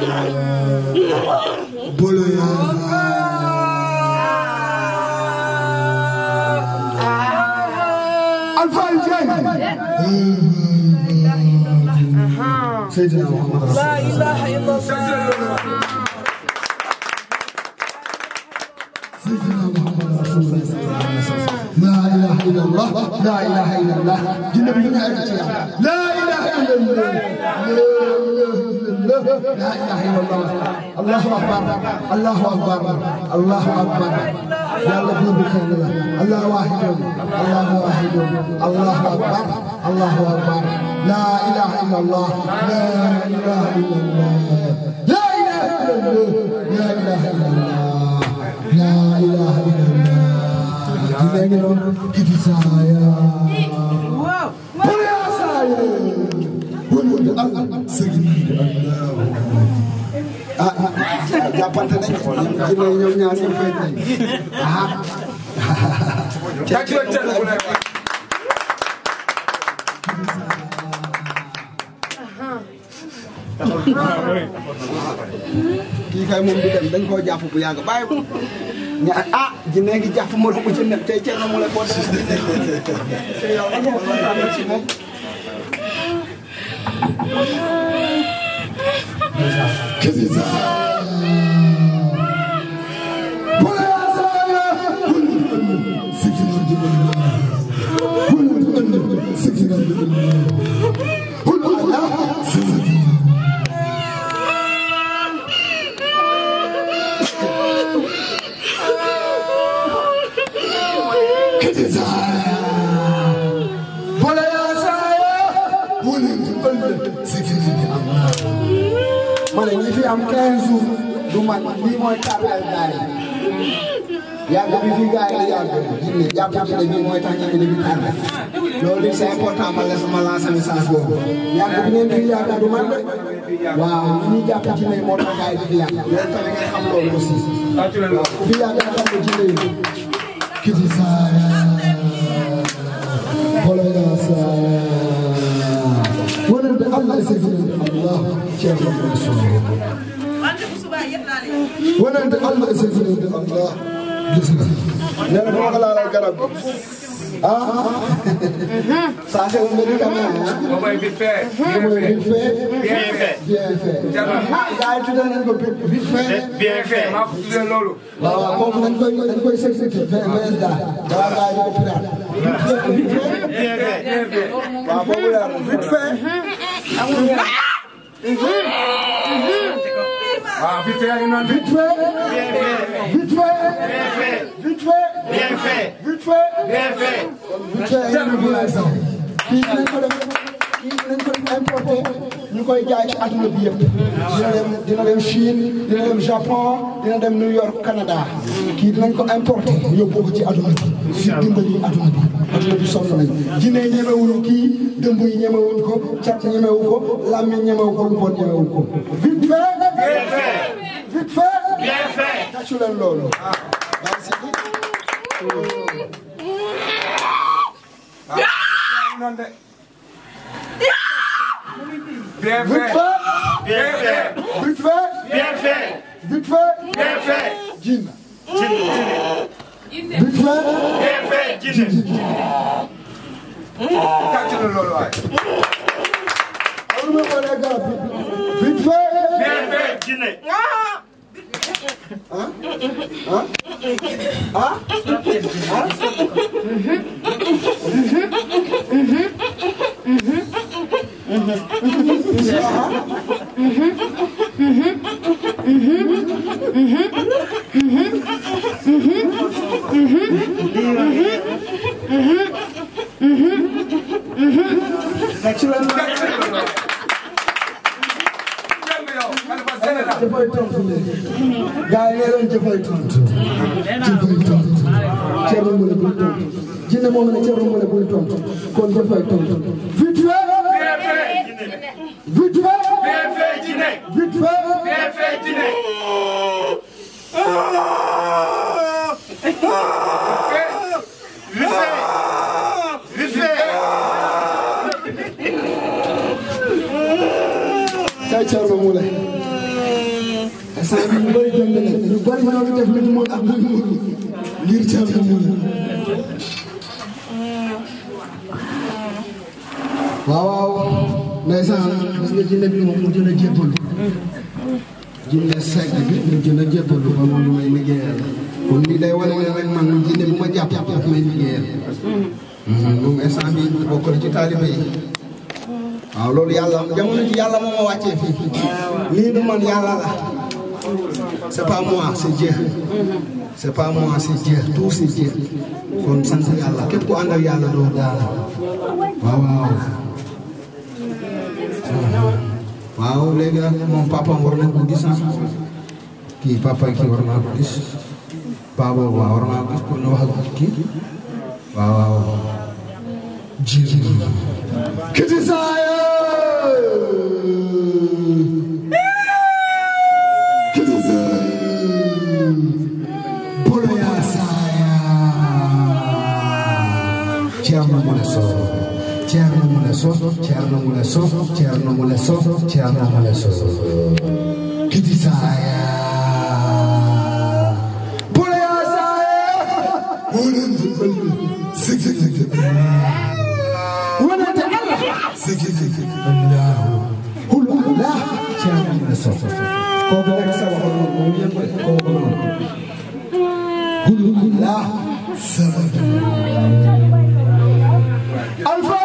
محمد لا اله الا الله سيدنا محمد رسول الله لا اله الا الله لا اله الا الله جنبنا لا اله الا الله لا إله إلا الله الله أكبر الله أكبر الله أكبر يا الله بخير الله واحد الله واحد الله أكبر الله أكبر لا إله إلا الله لا إله إلا الله لا إله إلا الله لا إله إلا الله لا إله إلا الله Give me your desire. Wow. Put it outside. sëriñ bi ah jàppante nañ ci ne ñoom ñaar ñu fay nañ ah. kii kay moom du dem dañ koo jàpp bu yàgg bàyyi ko ñu ah ji nee ngi jàpp ma dugg ci nekk tey cee na mu la ko def. Cause it's all. Six man lii mooy tàllal gaay yàgg bi fii gaay la yàgg jinne jàpp ci ne bii mooy tax ñebe bi tànn loolu c'est important ma la sama lancer message boobu yàgg bi ngeen fi yàgg du man de waaw ñi jàpp ci ne moo tax gaay yi di fi yàgg loolu tamit nga xam loolu aussi waaw ku fi yàgg xam ne jinne yi kiti saara bologa saara wonande allah sefine allah ceerno rasul wonande allah e sefirinde allah bisma nene ko ko laalal garab ça c'est a médicament hein moy vite fait moy vite fait bien fait bien fait ah, gars yi tuddee nañ ko vite fait bien fait maa ko tuddee loolu waaw kooku dañ koy dañ waaw vite fait yaa ngi noonu vite fait. bien fait vite fait. vite fait. bien fait. vite fait. bien fait. vite fait. kii nañ ko def kii nañ ko def importé. ñu koy jaay ci adduna bi dina dem dina Chine dina dem Japon dina dem New York Canada kii dinañ ko importé yóbbu ko ci adduna bi si dimbali adduna bi adduna jinne ñemewuñu kii dëmb yi ñemewuñ ko cat ñemewu ko làmmiñ ñemewu ko lu bon ñemewu ko vite fait Bien vite fait. Bien fait. Vite fait. Bien fait. Vite fait. Bien fait. Djinn. Djinn. Vite fait. Bien fait. Djinn. tàcc na loolu waay. amul ma ne gars vite fait. Bien fait. Djinn. ah ah ah ah. ah. jëfay tontu gaa yi nee leen jëfay tontu jëfay tontu ceeb mu ne bul tontu jinne moom ne ceeb mu ne bul tontu kon jëfay tontu Vite fait Bien fait, Djiné Vite fait Bien fait, Djiné Vite fait Vite fait Vite fait Kay Thierno Moulay saa bi ñu bëri jënd nañ ñu bëri ñoo ngi def li mu mën ak li mu mën ngir Thierno Moulay waaw waaw ndeysaan gis nga moom mu gën a jébbalu segg bi mu gën a jébbalu ba moom may liggéeyal kon lii day wane ne rek man jinne bu ma jàpp daf may liggéeyal hmm, moom instant bokk na ci taalibe yi waaw loolu yàlla jamono ji yàlla moo ma wàccee fii lii du man yàlla la c'est pas moi c'est Dieu c'est pas moi c'est Dieu tout c'est Dieu yàlla képp ku ànd ak yàlla doo daal waaw waaw waaw léegi nag moom papaam war nañ ko gis ah kii papa kii war naa ko gis paa boobu waaw war naa ko gis pour ñu wax ak ki waaw waaw. jiitu. Sow Thierno Moule Sow Thierno Moule Sow Thierno Moule Sow kiti saya bule ya saya wonen sik sik sik wonen ta Allah sik sik sik Allah kul Allah Thierno Moule Sow ko ga rek sa waxo mo yeb ko ko kul Allah sabab Alfa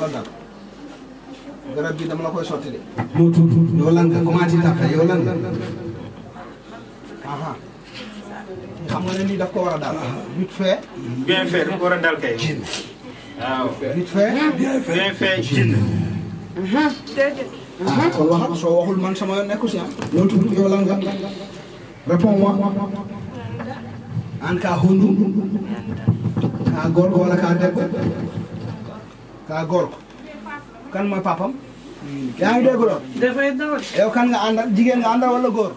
la dal garab bi dama la koy sotti de. yow lan nga commencé tàppe yow lan nga. aha xam nga ne lii daf ko war a daal. vite fait. bien fait daf ko war a daal kay. jinn waaw vite fait. soo waxul man sama yoon nekku si ah. yow tuuti yow lan nga. réponds-moi. an kaa hundu. kaa góor wala kaa deb. kaa góor ko kan mooy papam yaa ngi dégg lool dafay dawal kan nga àndal jigéen nga àndal wala góor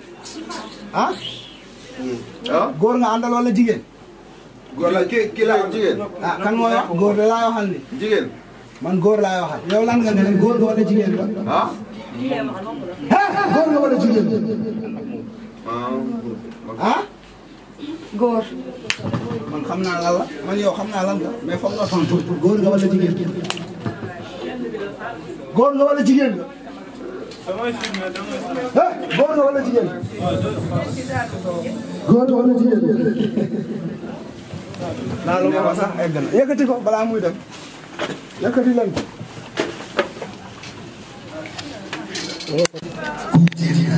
ah? ah góor nga àndal wala jigéen la ki ki jigéen ah kan mooy wax góor la laa waxal ni jigéen man góor laa waxal yow lan nga ne góor nga wala jigéen ah? la ah góor nga wala jigéen ah góor. man xam naa lan la man yow xam naa la nga tontu góor nga wala góor nga wala jigéen góor nga wala jigéen. góor nga wala jigéen. naa lu ma sax egg na yëkkati ko balaa muy dem yëkkati lan ko. Kuterina,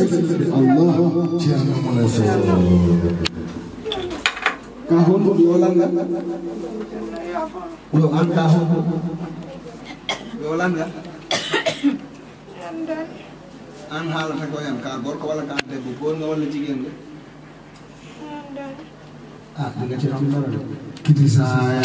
Allah Ceerno Mansour ka honɗum yo langa yo an ka honɗum yo langa an haalata ko gorko walla ka debbo gonga walla jiguen nde a ɗaga ceerno marade kidisaya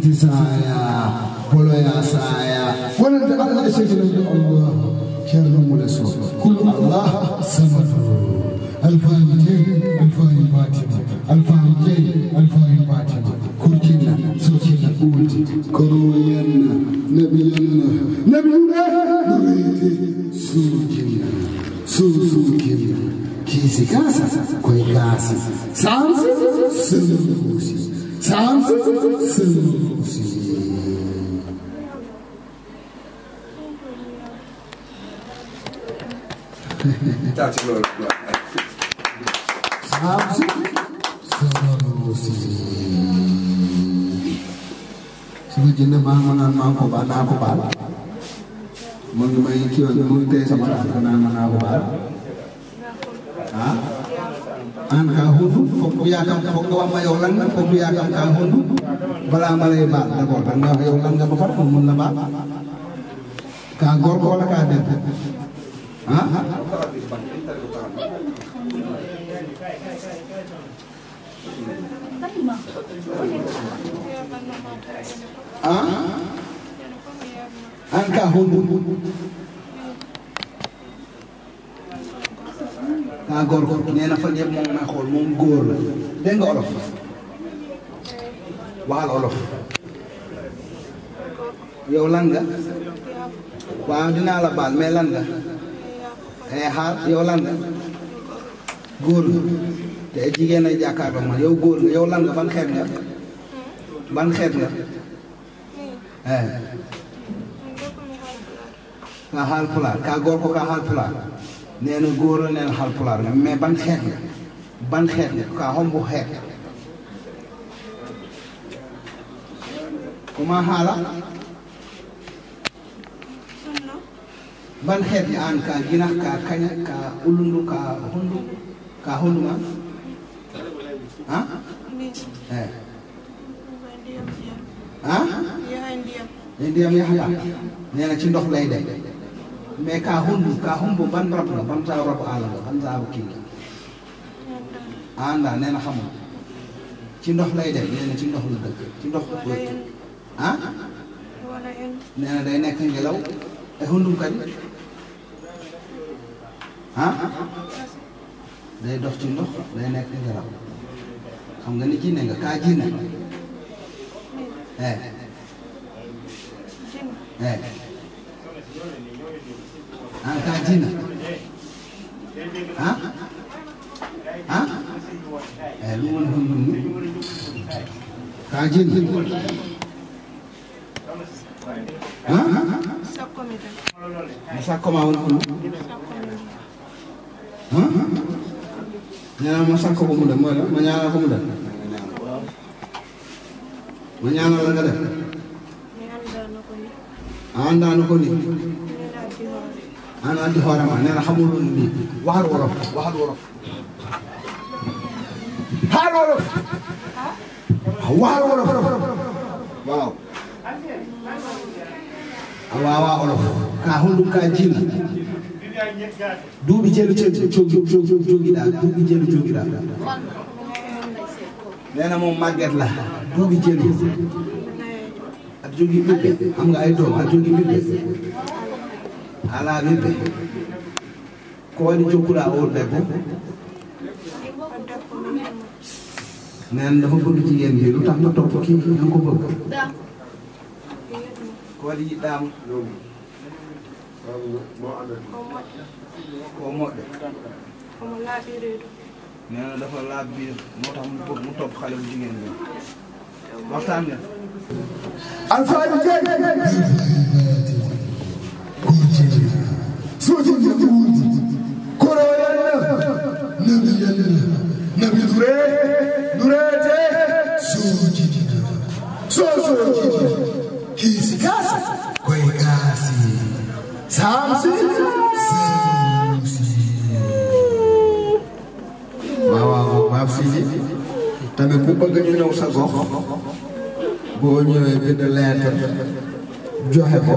بيتي سايا ولو يا سايا ولا تبع الشيخ الله كرم ملسو كل الله سمد الفايتين الفاي باتين الفايتين الفاي باتين كرتنا سوتنا قوت كروينا نبينا نبينا نريد سوجنا سوسوكنا كيسي كاسا كوي كاسا سامسي سمسي سامسي سمسي si taati loolu am maa ma naan maa ko baal naa ko baal mu ngi may kii woon mu ngi tey sama naan ma naa ko baal ah yaakam foog nga wax ma yow lan nga foog mu yaakam kaa xondu balaa ma lay baal d'abord da nga wax yow lan nga ba pare mun la baal kaa góor ko wala kaa def ah ah an kaa xondu maa góor ko nee na fa yëpp moom may xool moom góor la dégg nga olof waxal olof yow lan nga waaw dinaa la baal mais lan nga eh xaar yow lan nga góor nga te jigéen ay jàkkaarloo man yow góor nga yow lan nga ban xeet nga ban xeet nga eh ka xaal pulaar ka góor ko ka xaal pulaar nee na góor a neen xalpulaar nga mais ban xeet nga ban xeet nga kaa xombu xeet kuma haala ban xeet nga aan kaa ginax kaa kaña kaa ulundu kaa hundu kaa hundu ma ah eh. ah ndiyam yaxya nee na ci ndox lay dem mais ka hundu ka humbo ban rabno ban sa rabu alal ban sa rabu kii anda nee na xamul ci ndox lay dem nee ci ndox la dëkk ci ndox wëcc ah nee day nekk ngelaw te hundum kañ ah day dox ci ndox day nekk ngelaw xam nga ni jinne nga kaa jinne eh eh en tant diina ah ah eeyi ɗum woni hon ɗum ka jin mi sakkoma woni ɗum ñanama sakko ko mudam moyla ma ñana ko mudam ma ñanala nga def a andano ko ni maanaam di xoolal ma nee na xamul woon nii waxal wolof waxal wolof. waxal wolof. waxal wolof. waaw. Ah, waaw waaw wolof. ka hundu ka jina. duuɓi jeelu jogiɗa duuɓi jeelu jogiɗa nee na moom màgget la duuɓi jeelu aɗa jogii ɓiɓɓe xam nga ay doom aɗa jogii ɓiɓɓe alaɓeɓe ko waɗi jokkuɗa o debbo nen dafa bëgg jigéen bi lu tax nga topp kii nanga ko bëgg ko waɗi yiɗɗama ko moƴɗo nee na dafa laab biir moo tax mu bëgg mu topp xale bu jigéen bi waxtaan ne alfaji jeeg soji je kuuji koroyanna nabi yanna nabi dure durete soji so soji kiisi kaasi koye kaasi samsi waaw maam Sidi tamit ku bëgg ñu ñëw sa gox boo ñëwee bind lettre joxe ko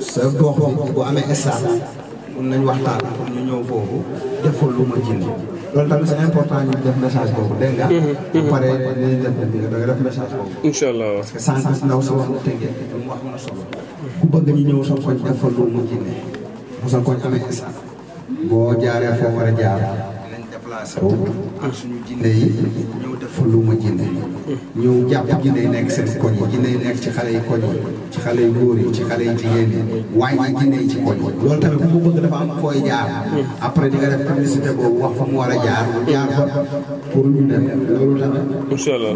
sa gox bu amee instant mun nañ waxtaan pour ñu ñëw foofu defal lu ma jënd loolu tamit sa important ñu def message boobu dégg nga. Mm-hmm, bu mm-hmm. def da nga message boobu. incha allah parce ndaw si na tënkee mu wax solo. ku bëgg ñu ñëw sa koñ defal lu ma jënd bu sa koñ amee instant. boo jaaree foo war jaar. déplacé wu ak suñu jinne def fa luuma jinne yi ñëw jàpp jinne yi nekk seen koñ yi jinne yi nekk ci xale yi koñ yi xale yu góor yi ci xale yi jigéen yi wàññi jinne yi ci koñ yi loolu tamit bu mu boobu wax fa mu war a jaar bu jaar pour ñu dem loolu tamit incha allah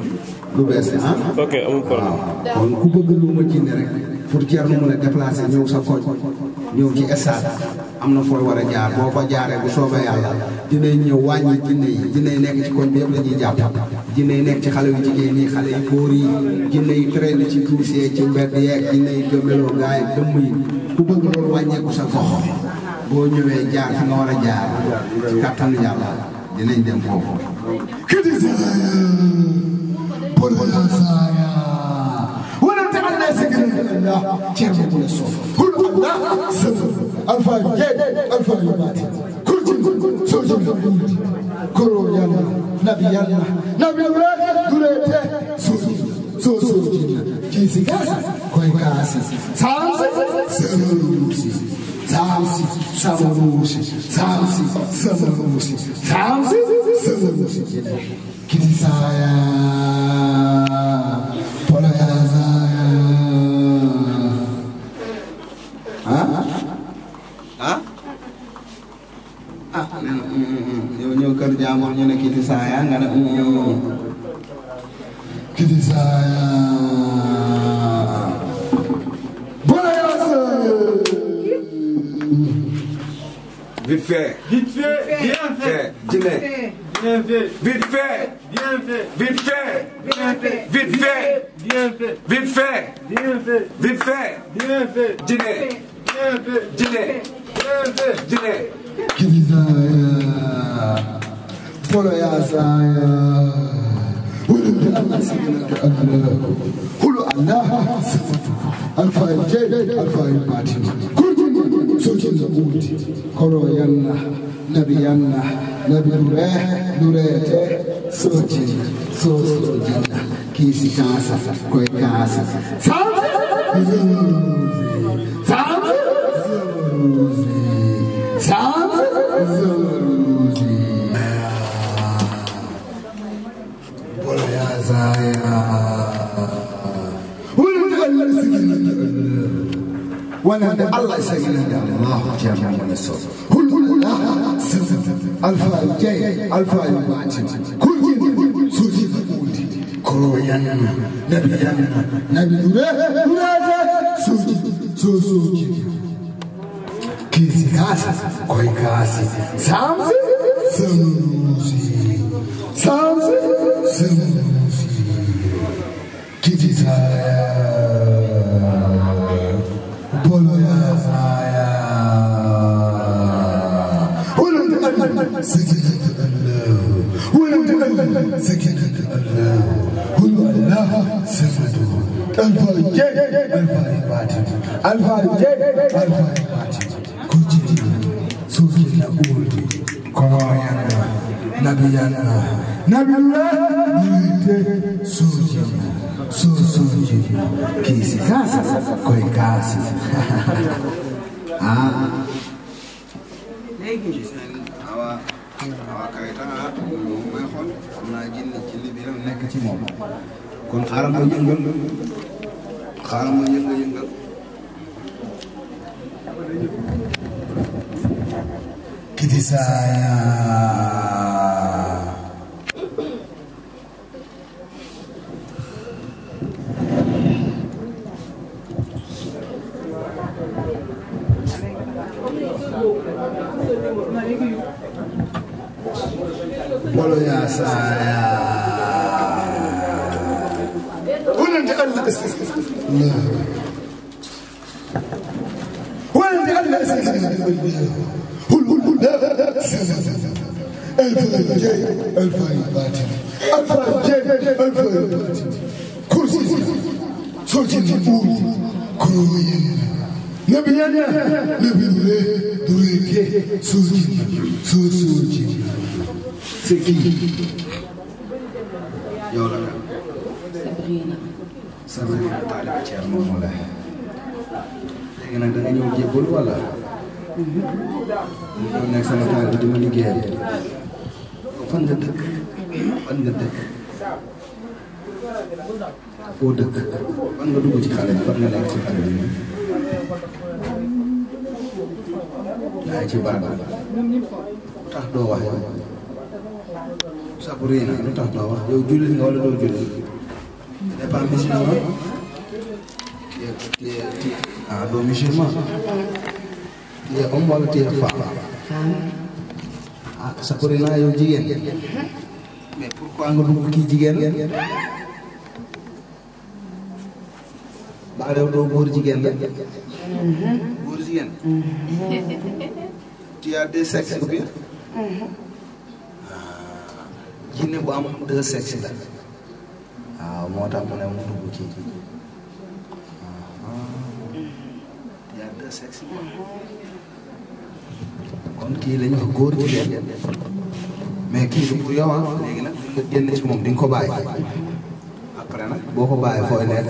lu bees ah ok amul problème ah. kon ku bëgg luuma jinne rek pour jar mu mën a déplacé ñëw sa koñ ñëw ci stade am na fooy war a jaar boo ko jaaree bu soobee yàlla dinañ ñëw wàññi jinne yi jinne yi nekk ci koñ bi yëpp la jàpp jinne yi nekk ci xale yu jigéen yi xale yu góor yi jinne yi traîne ci tuusee ci mbedd yeeg jinne yi gëmmeloo gaa yi dëmm yi ku bëgg loolu wàññeeku sa gox boo ñëwee jaar fi nga war a jaar ci kàttanu yàlla dinañ dem foofu allah ceerno Moule Sow hul allah sëf alfa jeeɗ alfa yomaati kurji sojoɓe ɗumdi goro yalla nabi yalla nabi wure durete soso sosojinna kiisi gasa koye kaasi saamsi senoruusi saamsi samaruusi saamsi samaruusi saamsi samaruusi kidi saya kër jaamur ñu ne kiti saaya nga ne uum kiti saaya bala yaasa vite fait vite fait bien fait dîner bien fait vite fait bien fait vite fait bien fait vite fait bien fait vite fait bien fait vite fait bien fait dîner bien fait dîner bien fait dîner kiti saaya Follow Isaiah. ولم يكن سيدنا الله قل الله الفاي جاي الفاي باتي كل سوتين زبوت قرو ينا نبي ينا نبي نوره نوره سوتين سوتين كيسي كاسا كوي كاسا سام زوزي سام زوزي سام زوزي ونادى الله سيدنا الله جميع النصر كل الله سر الفا جاي الفا ماتن كل جن سوجي بودي كرويان نبيان نبي نور نور سوجي سوجي كيسي كاسي كوي كاسي سامسي سنوزي سامسي سنوزي سكتت الله ولم تقل سكتت الله قل الله صفته الف ج الف عباده الف ج الف عباده كجد سوفي نقول كوايانا نبيانا نبي الله نبيته سوجينا سوسوجينا كيسي كاسا كوي كاسي آه moom kon xaaral ma yëngal xaaral ma yëngal yëngal kiti saaya hulhuda elfayje elfay batin alfayje elfay batin kursi sojini ɓuuri kuroyin nebiyen nebidure dureke sojini so sojini seki yowlaka sabrina taaliba ceerno mo la léegi nag da nga ñëw jébbal wala loolu nag sama taal bi di ma liggéeyal fan nga dëkk fan nga dëkk foo dëkk fan nga dugg ci xale fan nga nekk ci xale bi yaa ci barab lu tax doo wax yow sabu rëy na lu tax doo wax yow jullit nga wala doo jullit n'est pas musulman ah doo musulman téye homme wala téye femme ah sa kori naa yow jigéen mais pourquoi nga bëgg kii jigéen ba rew doo góor jigéen la mhm. góor jigéen tu mhm. as deux sexes ou bien mhm. jinne bu am deux sexes la waaw ah, moo tax mu ne mu dugg kii tu as ah, ah. deux sexes kon kii la ñuy wax góor jigéen mais kii du pour yow ah léegi nag nga moom di ko bàyyi après nag boo ko bàyyi fooy nekk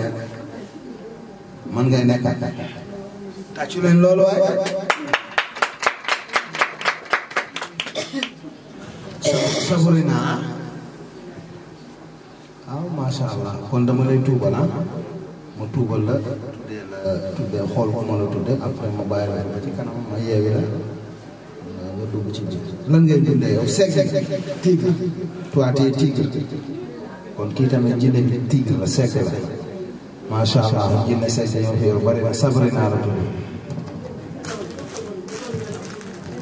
mën ngay nekkaat tàccu leen loolu waay saburi naa waaw ah, macha kon dama lay tuubal ah ma tuubal la tuddee xool ko ma la tuddee après ma bàyyi la ba ma yeewi la dugg ci yow seg tigre toi tey tigre jinne bi tigre la seg la macha allah jinne seg ñoo fi yor bari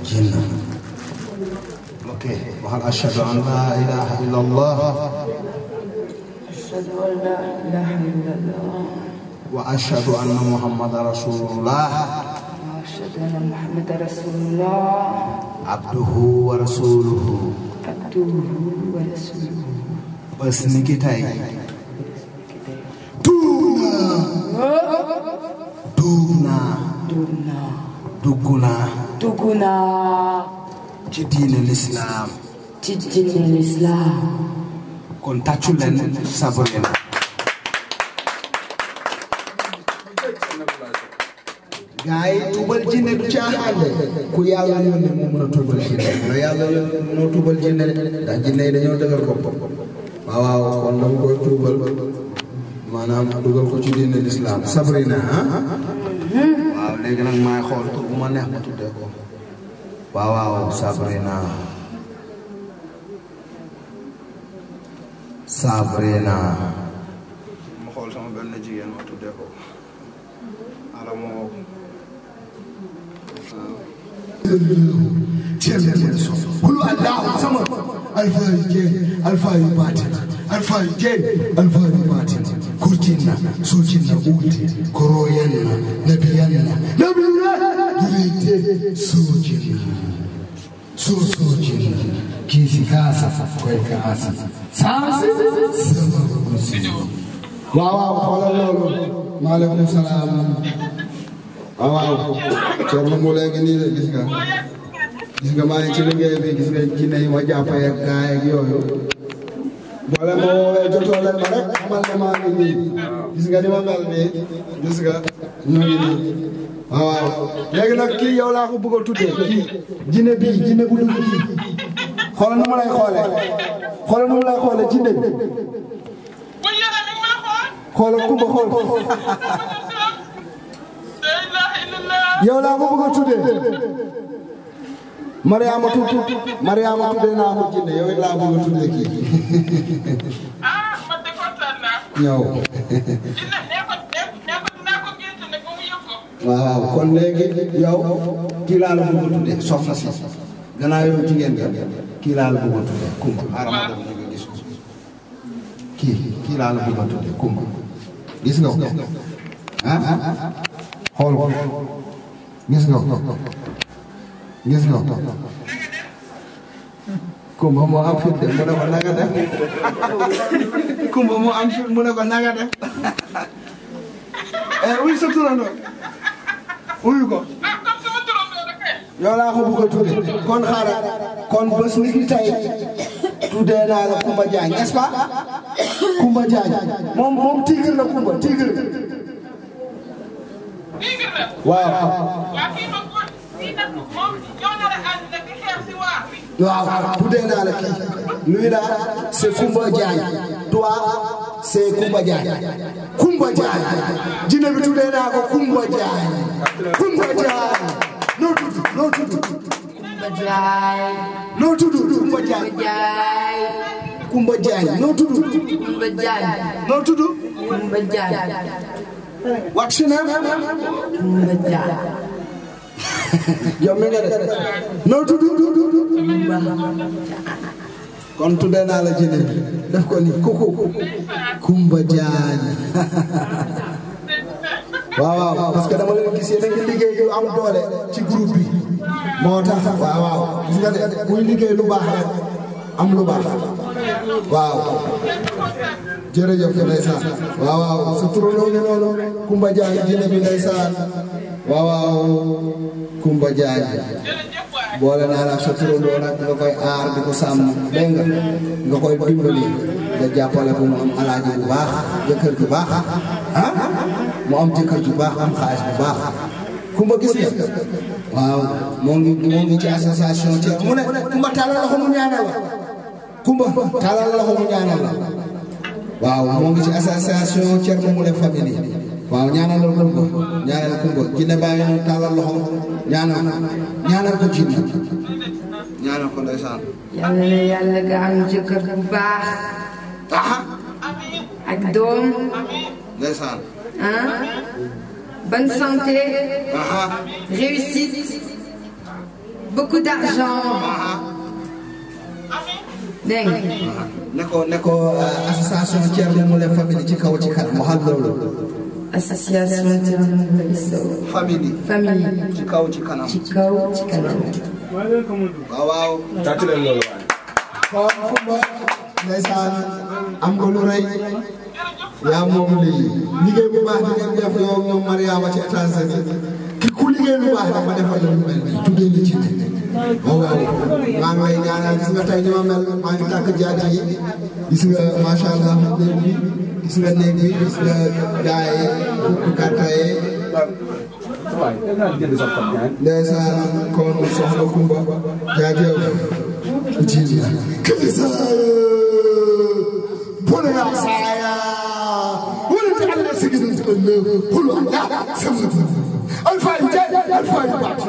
jinne ok waxal ashhadu an la ilaha illa allah wa ashhadu anna muhammadan rasulullah أن محمد رسول الله عبده ورسوله عبده ورسوله بس نكتاي دونا دونا دونا دوغنا دوغنا ci diine lislaam ci diine lislaam kon tàccu leen sabu leen gaay tuuba jinne du caaxaan de ku yàlla yónni moo mën a tuubal jinne la yàlla yónni moo tuubal jinne dañoo dëgër bopp waaw kon dama koy tuubal maanaam dugal ko ci diine lislaam sabrina ah waaw léegi nag maay xool tur ma neex ma tuddee ko waaw waaw sabrina sabrina ma xool sama benn jigéen ma tuddee ko ala moo kulu allahu sama alfahari ke alfahari batin alfahari ke alfahari batin kurkin na sokin na uti koroyan na nabiyan na nabiyan na direte sokin so sokin kisi kasa kwai kasa sasi sama wawa kwallon malamin salamu waaw waaw Thierno Moule gi nii de gis nga maa ngi ci liggéey bi gis jinne yi ma jàppee ak yooyu boo leen ma woowee jotoo leen ma rek xamal ne maa ngi nii gis ni ma mel nii gis nga ñu ngi nii nag kii yow laa ko bëgg a tuddee kii jinne bii jinne bu dugg bii xoolal nu mu lay xoolee xoolal nu mu lay xoolee jinne bi kumba xool [laughs] yow laa ko bëgg a tuddee Mariama tudd tuddee naa ko jinne yow laa bëgg a tuddee kii ah waaw kon léegi yow kii laa la bëgg a tuddee soxna si gannaaw yow jigéen nga kii laa la bëgg a tuddee kumba xaaral ma dem gis ko kii kii laa la bëgg a tuddee kumba gis nga ko ah, ah, ah xool ko gis nga gis kumba moo am fit eh. mu ne eh, ko nanga def kumba moo sa turandoo wuyu ko yow laa ko bëgg a tudde kon xaaral kon bés ni ki tey eh. tuddee naa la Kumba Jaañ nest Kumba Jaañ moom moom la Kumba tigir waaw. waaw tuddee naa la kii lui là c'est Koumba Diagne toi c'est Koumba Diagne Koumba Diagne jinne bi tuddee naa ko Koumba Diagne Koumba Diagne noo tudd noo tudd noo tudd Koumba Diagne noo tudd Koumba Diagne What's your name? [laughs] Your minute. No, do, do, do, do, do. kon tuddee naa la jëlee def ko ni kuku Kumba Diagne [laughs] waaw waaw parce que dama leen gis yéen a ngi liggéey yu am doole ci groupe bi moo tax waaw waaw gis nga liggéey lu baax am lu baax waaw jërëjëf ndeysaan waaw waaw su turandoo ngi noonu Kumba Jaañ jinne bi waaw waaw Kumba Jaañ boole naa la sa turandoo nag nga koy aar di ko sàmm dégg nga nga koy dimbali nga jàppale ko mu am alaaji bu baax jëkkër ju baax ah mu am jëkkër ju baax am xaalis bu baax Kumba gis nga waaw moo ngi moo ngi ci association ci mu ne Kumba tàllal loxo mu ñaanal la Kumba taalal loxo mu ñaanal la waaw moo ngi ci association Thierno Moule Famille waaw ñaanal la Kumba ñaanal Kumba jinne bàyyi noonu taalal loxo ñaanal ñaanal ko jinne ñaanal ko ndeysaan yal na yàlla nga am jëkkër bu baax dégg nga ne ko ne ko euh, association Thierno Moule Famille ci kaw ci kanam waxal loolu. association Thierno Moule Famille. famille ci kaw ci kanam. ci kaw ci kanam. waaw waaw. tàcc leen loolu waay. kon Kumba ndeysaan am lu rëy. ci états ki ku liggéey baax dama defal lu mel nii tuddee li ci waaw waaw maa ngi lay ñaanal gis nga tey ni ma mel maa ngi tàkk jaati yi gis nga macha allah gis nga néeg bi gis nga gaa yi kooku kàtta yi. ndeysaan kon soxna Kumba jaajëf jiitu la. këyisa bulu yaa saaya wala te àll si gidi. alfa yi jël alfa yi baat.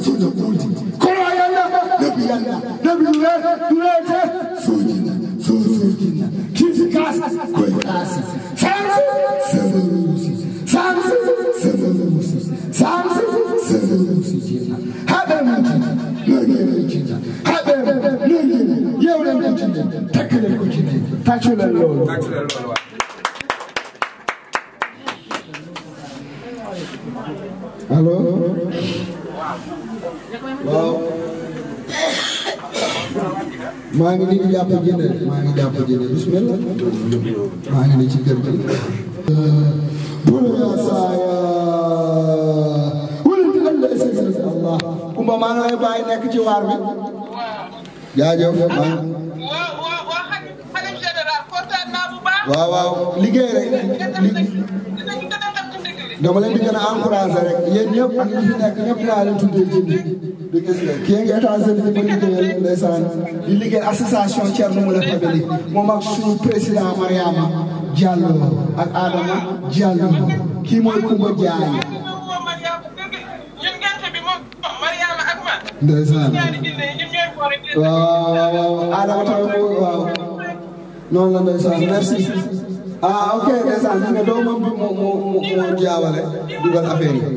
Koysun da koydu. Kola yanda. Nabi yanda. Nabi dure. Dure te. Sojina. Sojina. Kimsi kas. Koy kas. Samsu. Severusi. Samsu. Severusi. Samsu. Severusi. Haber mi? Nögele içinde. Haber mi? Nögele. Yevlen içinde. Tekele içinde. Taçöler yolu. Taçöler yolu. Alô? waaw maa ngi nii di jàpp jënd maa ngi jàpp jënd bismillah maa ngi nii ci kër gi. kumba maa ngi lay bàyyi nekk ci waar bi. jaajëf maa. waaw waaw liggéey rek. dama leen di gën a encouragé rek yéen ñëpp ak ñi fi nekk ñëpp laa leen tuddee jëm bi gis nga kii ngi États-Unis di ko liggéeyal ndeysaan di liggéey association Thierno Moule Fadeli moom ak suñu président Mariama Diallo ak Adama Diallo kii mooy Kumba Diagne ndeysaan waaw waaw waaw Adama tamit waaw noonu la ndeysaan merci ah ok ndeysaan gis nga doomam bi moo moo moo jaawale dugal affaire yi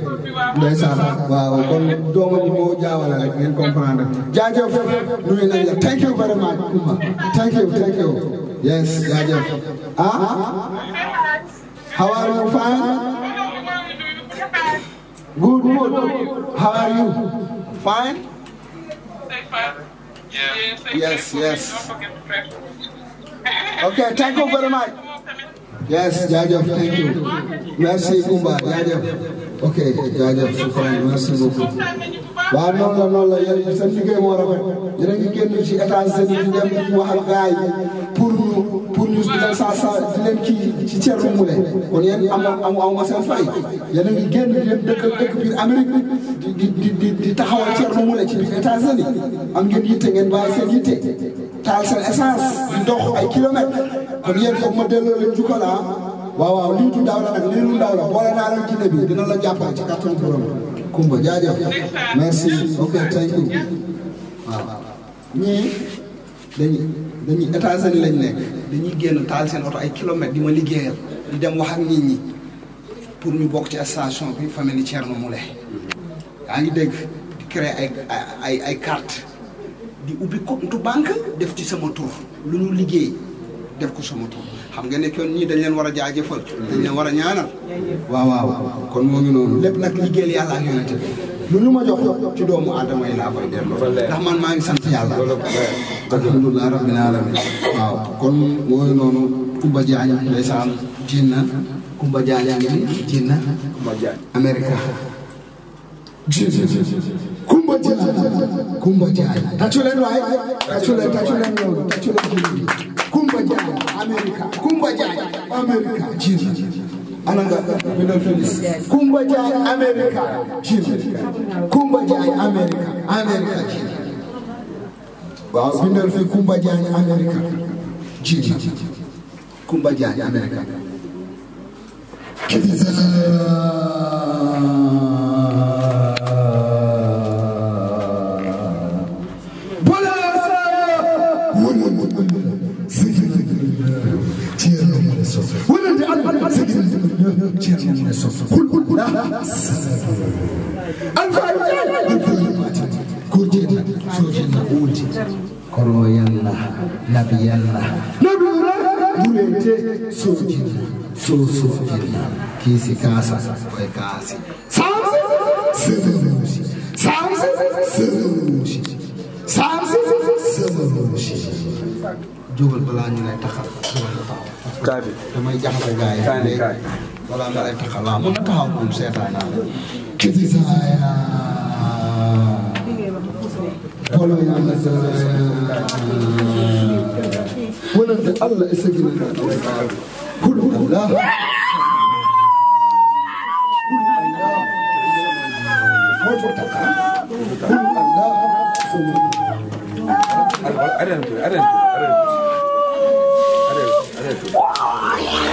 ndeysaan waaw kon bi moo jaawale rek ngeen comprendre jaajëf nuyu nañ la thank you very much Ouma thank you yes jaajëf ah how are you fine good good how are you yes yes okay thank you very yes jaajëf thank you merci Kumba jaajëf ok jaajëf Soufiane merci beaucoup. waaw noonu la noonu la yéen seen liggéey moo rafet yéen a ngi génn ci état seen i dem wax ak gars yi pour ñu di leen saa saa di leen kii ci Thierno Moule kon yéen amoo amoo seen fay yéen a ngi génn di leen dëkk dëkk biir Amérique di di di di taxawal Thierno Moule ci biir états am ngeen yitte ngeen bàyyi seen yitte taal seen di dox ay kilomètres kon yéen foog ma delloo leen ah. waaw waaw lii du ndaw la nag lii du ndaw la boole naa leen ci début dina la jàppale ci kattan borom Kumba jaajëf merci ok thank you waaw ñii dañuy dañuy lañ nekk dañuy génn taal seen oto ay kilomètres di ma liggéeyal di dem wax ak nit ñi pour ñu bokk ci station bi famille Thierno moom yaa ngi dégg di créer ay ay ay carte di ubbi compte banque def ci sama tur lu ñu liggéey def ko sama tur xam nga ne kon ñii dañ leen war a jaajëfal. dañ leen war a ñaanal. waaw waaw kon moo ngi noonu lépp nag liggéeyal yàlla ak yonent bi lu ñu ma jox ci doomu aadama yi laa koy delloo. ndax man maa ngi sant yàlla. alhamdulilah rabbil alamin waaw kon moo ngi noonu Kumba Jaañ ndeysaan jiin na Kumba Jaañ yaa ngi nii na Amérique Kumba Jaañ Kumba Jaañ tàccu leen Amerika Kumba Jaay Amerika jiir ananga mino felis Kumba Jaay Amerika jiir Kumba Jaay Amerika Amerika jiir waaw bindal fi Kumba Jaay Amerika jiir Kumba Jaay Amerika gordirna sojenna uuldi kono yalla nabi yalla nabi durete sojinna so sojinna kiisi kaasa koye kaasi samsi semanuusi samsi semanuusi samsi semanuusi jógal balaa ñu lay taxal kaabi damay jaxase gaay wala nga lay taxaw waaw man taxaw moom seetaan naa la. kiti saa yaa. xooloo yàlla sa. wala te allah est ce que. kul allah. kul allah.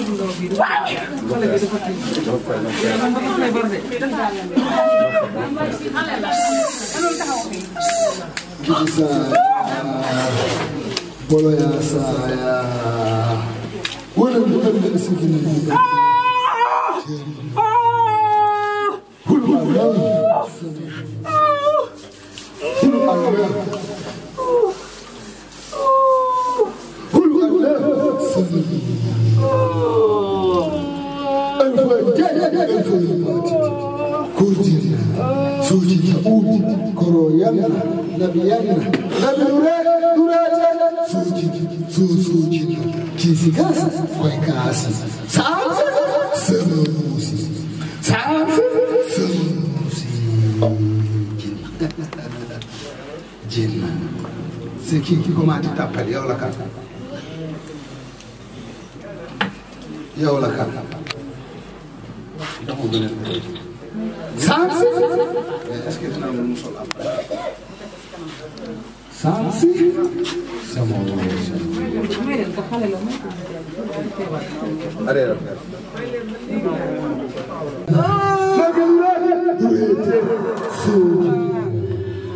Kisa bolo ya saya. Wala mo na ng sige ni. Hulu ɗefoni batide kurdina suujina uuɗi koro yanna nabi yanna nabi ɗure ɗurete suujina suusuujina kiisi gasa koye kaasi saamse sama muusi saamse sama muusi jinna siki komati tappal yawla kan yawla kan ndax mu gën a doy. sens. mais est-ce que dina am lu mu sol après. sens. sama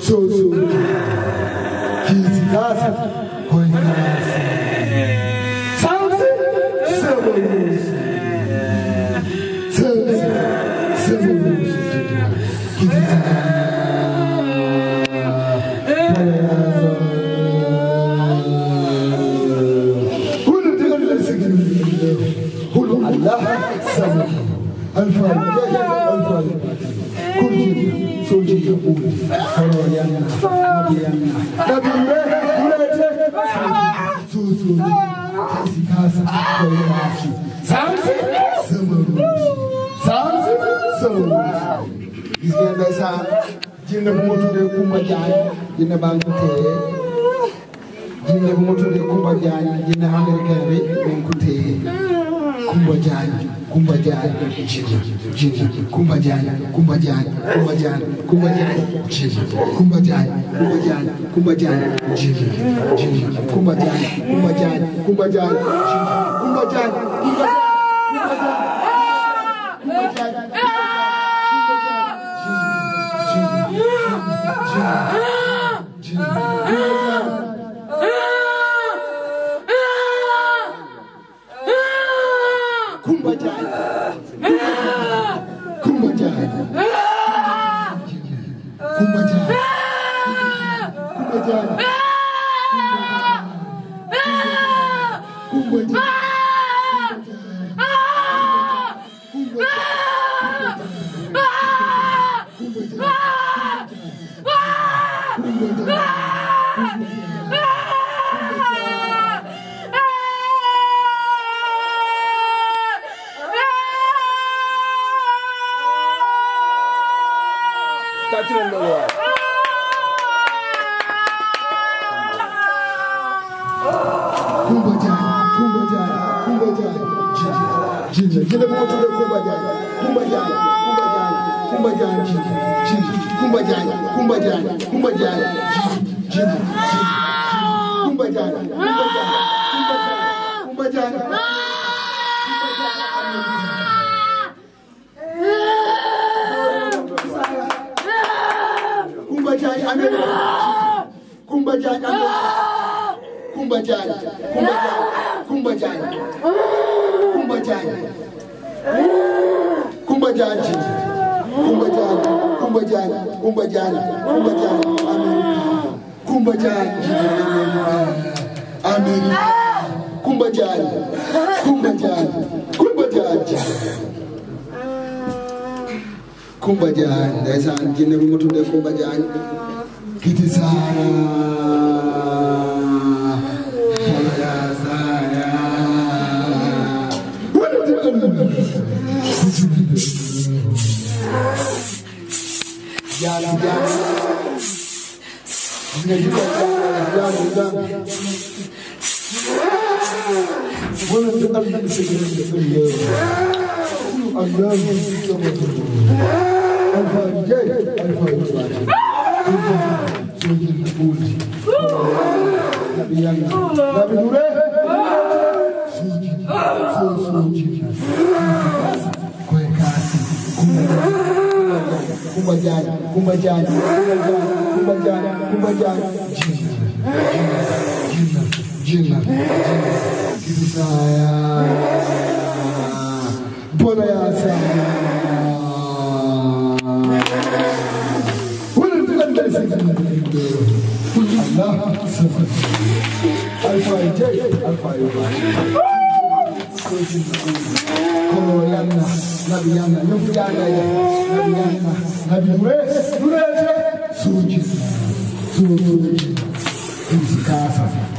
So, so, so, he's got, going Diagne jinne baa ngi téye jinne bu mu tuddee Kumba Diagne jinne américain bi mu ngi ko téye Kumba Diagne Kumba Diagne jinne jinne Kumba Diagne Kumba Diagne Kumba Diagne Kumba Diagne jinne Kumba Diagne Kumba Diagne Kumba Diagne jinne jinne Kumba Diagne Kumba Diagne Kumba Diagne jinne Kumba Diagne Kumba Diagne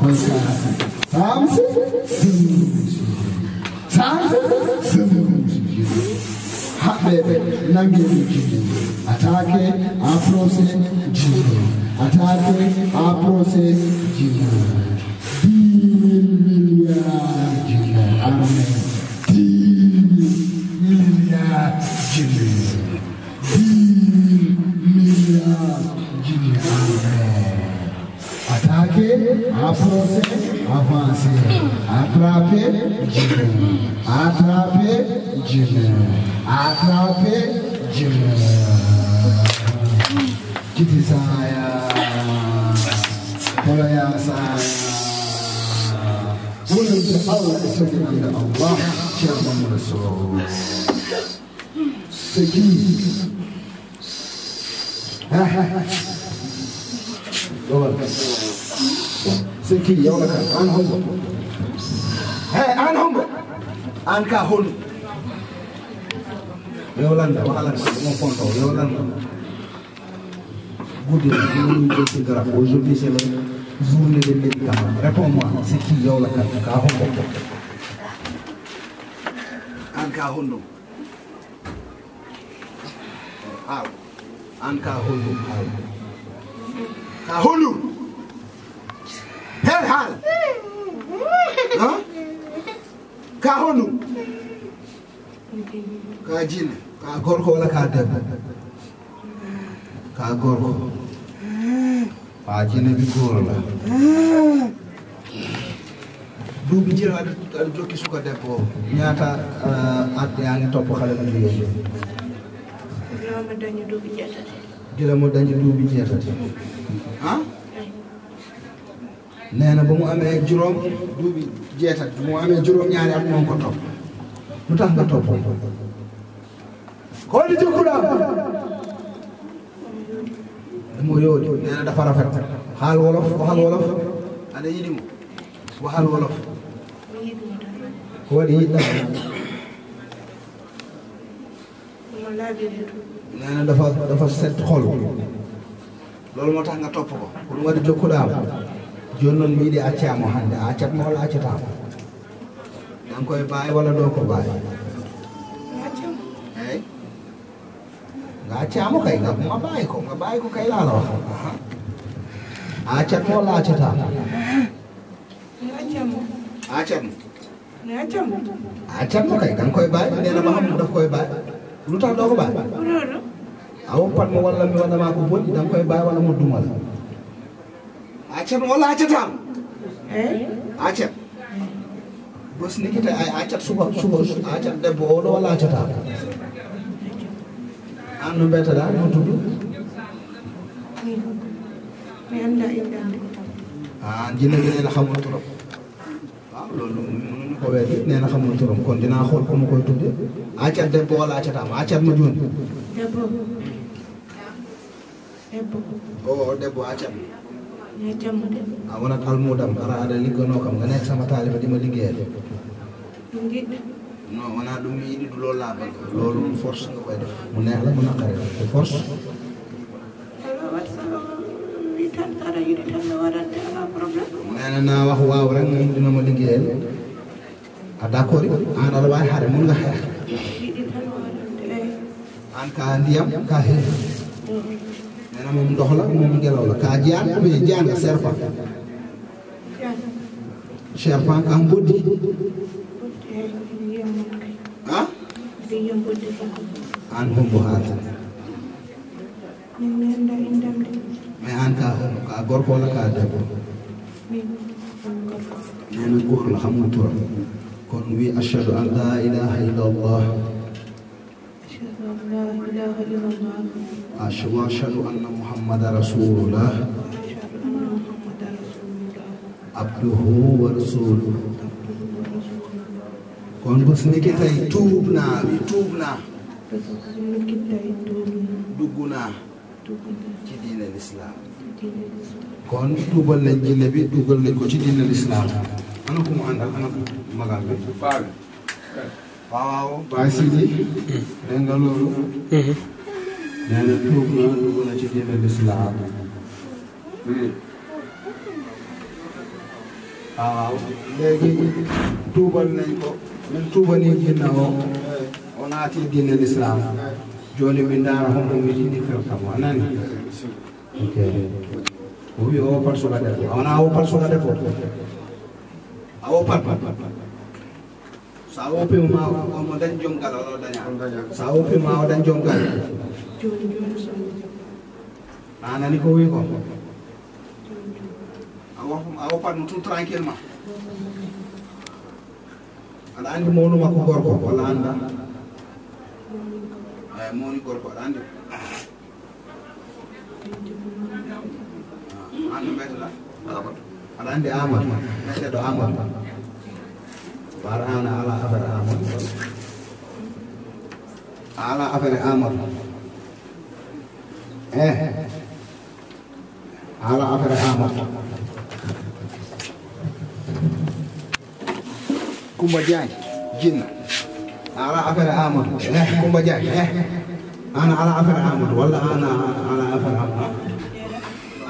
Hamsi Sansi Haɓɓeɓe nange ɗum jiɗi atake en procé jiɗi atake en procé jiɗi dix mille milliard jiɗi armen Avancez, avancez. Attrapez, Jimmy. Attrapez, Jimmy. Attrapez, Jimmy. Kiti saya. Kolaya saya. Ulu da Allah sekinan da Allah. Şerban Resul. Sekin. Ha ha ha. Dolar. say kii yow la kan an hombo hey an hombo an ka holu yow lan la wax lan la moo fontoo yow lan la guddi la ñu ñu jël ci garab aujourd'hui c'est la journée des médicaments réponds-moi c'est qui yow la kan ka hombo an ka holu aw an ka holu aw ka holu her haal ka honum ka jinne ka gorko walla ka debbo ka gorko ha jinne ɓi gorola duuɓi jiro aɗa jokki suka debbo o ñaata adde uh, ani topp xale mu jigéen gila mo dañi duuɓi jeetati gila mo dañi duuɓi jeetati han nee na ba mu amee juróom duubi jeetat ba mu amee juróom-ñaari at moo ko topp lu tax nga topp koo di jëkkulaam dama di nee na dafa rafet xaal wolof waxal wolof ana yi dimu waxal wolof koo di yi dama dafa dafa set xol moo tax nga topp ko pour nga di jëkkulaam joni noon mi yiɗi accamo hannde a accatmo walla accatamo tan koye mbawi walla ɗo ko mbawi eyyi eh? nga accamo kay nga nga mbawi ko nga mbawi ko kay laala o a accatmo walla accatamo accatmo a accatmo kay tan koye mbawi nenama hammu daf koye mbawi lu tax ɗo ko mbawi walla mi waɗama ko bonni tan koye mbawi walla mo dumala acat wala acataam eh? acat bés ni ki suba suba acat debbo walla acataam an no mbeteɗa no tudd mi annda inndaande jinne bi nee na xamul turam waaw kon dinaa xool ku ma koy tudde acat debbo wala acataam ma jooni debbo debbo o amoon ak almuudam xanaa ada ligganoo kam nga nekk sama taaliba di ma liggéeyal. non maanaam du muy indi du loolu laa bëgg. loolu force nga koy def. mu neex la mu naqari la te force. nee na wax waaw rek moom dina ma liggéeyal. a d'accord an aɗa wawi haade mun ga heeha an ka ndiyam ka heehi nee na moom ndox la moom ngelaw la kaa jaan mais jaan serpent serpent kaa mboddi ah aan hombo haata mais aan kaa hombo kaa gorko la kaa debbo nee na góor la xamul turam kon wi ashhadu an laa ilaha illa allah واشهد ان محمد رسول الله عبده ورسوله kon bés ni ki tuub naa bi tuub naa dugg naa ci diine lislaam kon tuubal nañ jële bi duggal nañ ko ci diine lislaam ana ko mu àndal ana ko magal bi baabi waaw baay si hmm. dégg nga loolu hmm. nee na tuub na dugg na ci diine lislaam waaw lislaam jooni mi ndaara hombo mi jiɗi firtam o anani ok o wi o suka debbo a wona wopat suka debbo a wopat so a woppima omo dañ joom gal oɗo daña so a woppima o dañ joom gal anani ko wi ko a woppatmo tout tranquillement aɗa andi mawnu makko gorko walla anda eyi mawni gorko aɗa andi an ah, no mbiyetata aɗa andi amadou meteɗo amadou bar an a ala affaire amadou a ala affaire amadou Eh. ala affaire ama Kumba Jaay jinna ala affaire ama eh, Kumba Jaay eh. ana ala affaire ama wala ana ala affaire ama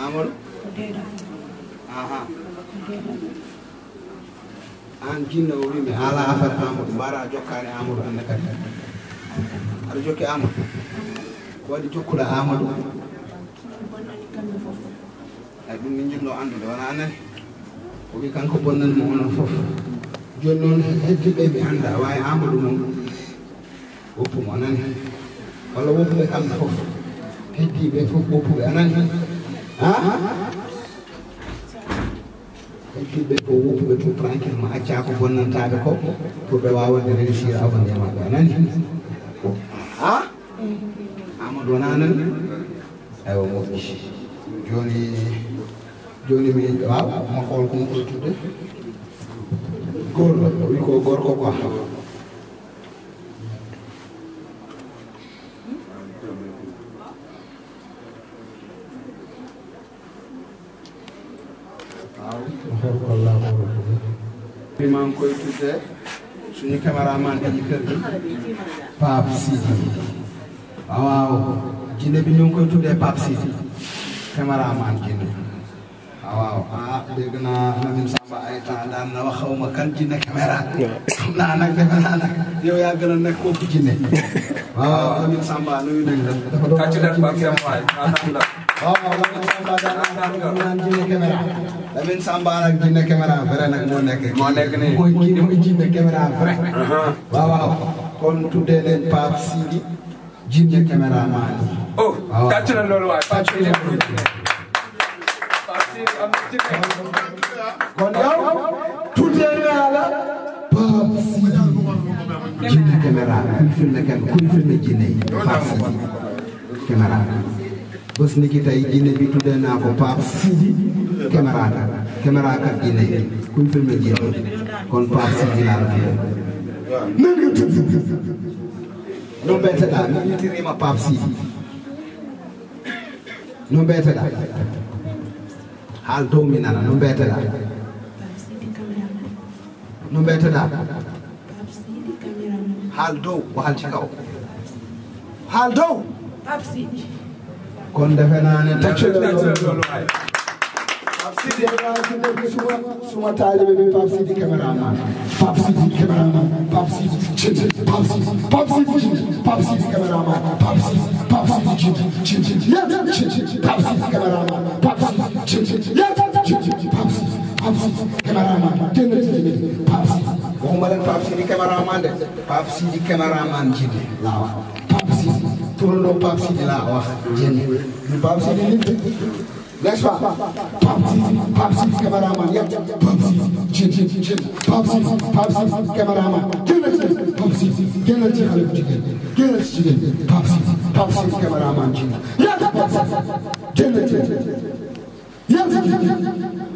amol aha jinna o wimi ala affaire amadou mbara jokkani amadou annakadi aɗa jokki waɗi jokkuɗo amadou ay ɗum min jinno andude wona anani o wi kanko bonnanimo onon fof joni noon heddiɓe mi anda wawi amadou noon woppumo anani walla woppuɓe kamɓe fof heddiɓe fof woppuɓe anani ha heddiɓe ko woppuɓe tout tranquillement acca ko bonnantaɓe ko pour ɓe wawande réussir abondé maɓɓe anani ha Amadou Nana aywa moo gis jooni jooni mi waaw ma xool ku ma koy tudde góor la ko ko quoi koy tuddee suñu caméraman bi ci kër gi Pape Sidi Ah, waaw jinne bi ñu ngi koy tuddee Pape Sy cameraman jinne ah, waaw ah dégg naa Lamine Samba ay temps daan na wax xaw ma kan jinne caméra xam naa a jinne ah, waaw la kàcc leen ba jinne caméra Lamine Samba moo nekk moo nekk nii mooy jinne caméra vrai uh-huh. waaw kon tuddee leen Pape Sidi jinne caméraman oh tàcc na loolu waay Pape Sidi Pape Sidi am na ci kon yow tuutee naa la Pape jinne yi Pape Sidi caméraman bés ni ki jinne bi tuddee naa ko Pape Sidi caméraman caméraman jinne yi kuy filmé jinne kon Pape Sidi laa la tuddee nan nga tudd no mbeeteɗaa mi weltiriima pape si no mbeeteɗaa haal dow mi nana no mbeeteɗaa no mbeeteɗaa haal dow do haal cika o haal dow kon defe naa ne taccuɗo Sidi suma suma taalibe bi Pape Sidi cameraman Pape Sidi cameraman Pape Sidi cin Pape Sidi Pape Sidi cin Pape Sidi cameraman Pape Sidi Pape Sidi cin cin yéen cin Pape Sidi cameraman Pape Sidi cin yéen cin Pape Sidi Pape Sidi cameraman génn ci tamit Pape Sidi waxuma leen Pape Sidi cameraman de Pape Sidi cameraman cin laa wax Pape Sidi turandoo Pape Sidi laa wax jënd ñu Pape Sidi n'est-ce pas Pape Sidi Pape Sidi cameraman yàgg Pape Sidi jën jën Pape Sidi Pape Sidi cameraman génnal ci Pape Sidi génnal ci xale bu jigéen génnal ci jigéen Pape Sidi Pape Sidi cameraman ci yàgg Pape Sidi génnal ci yàgg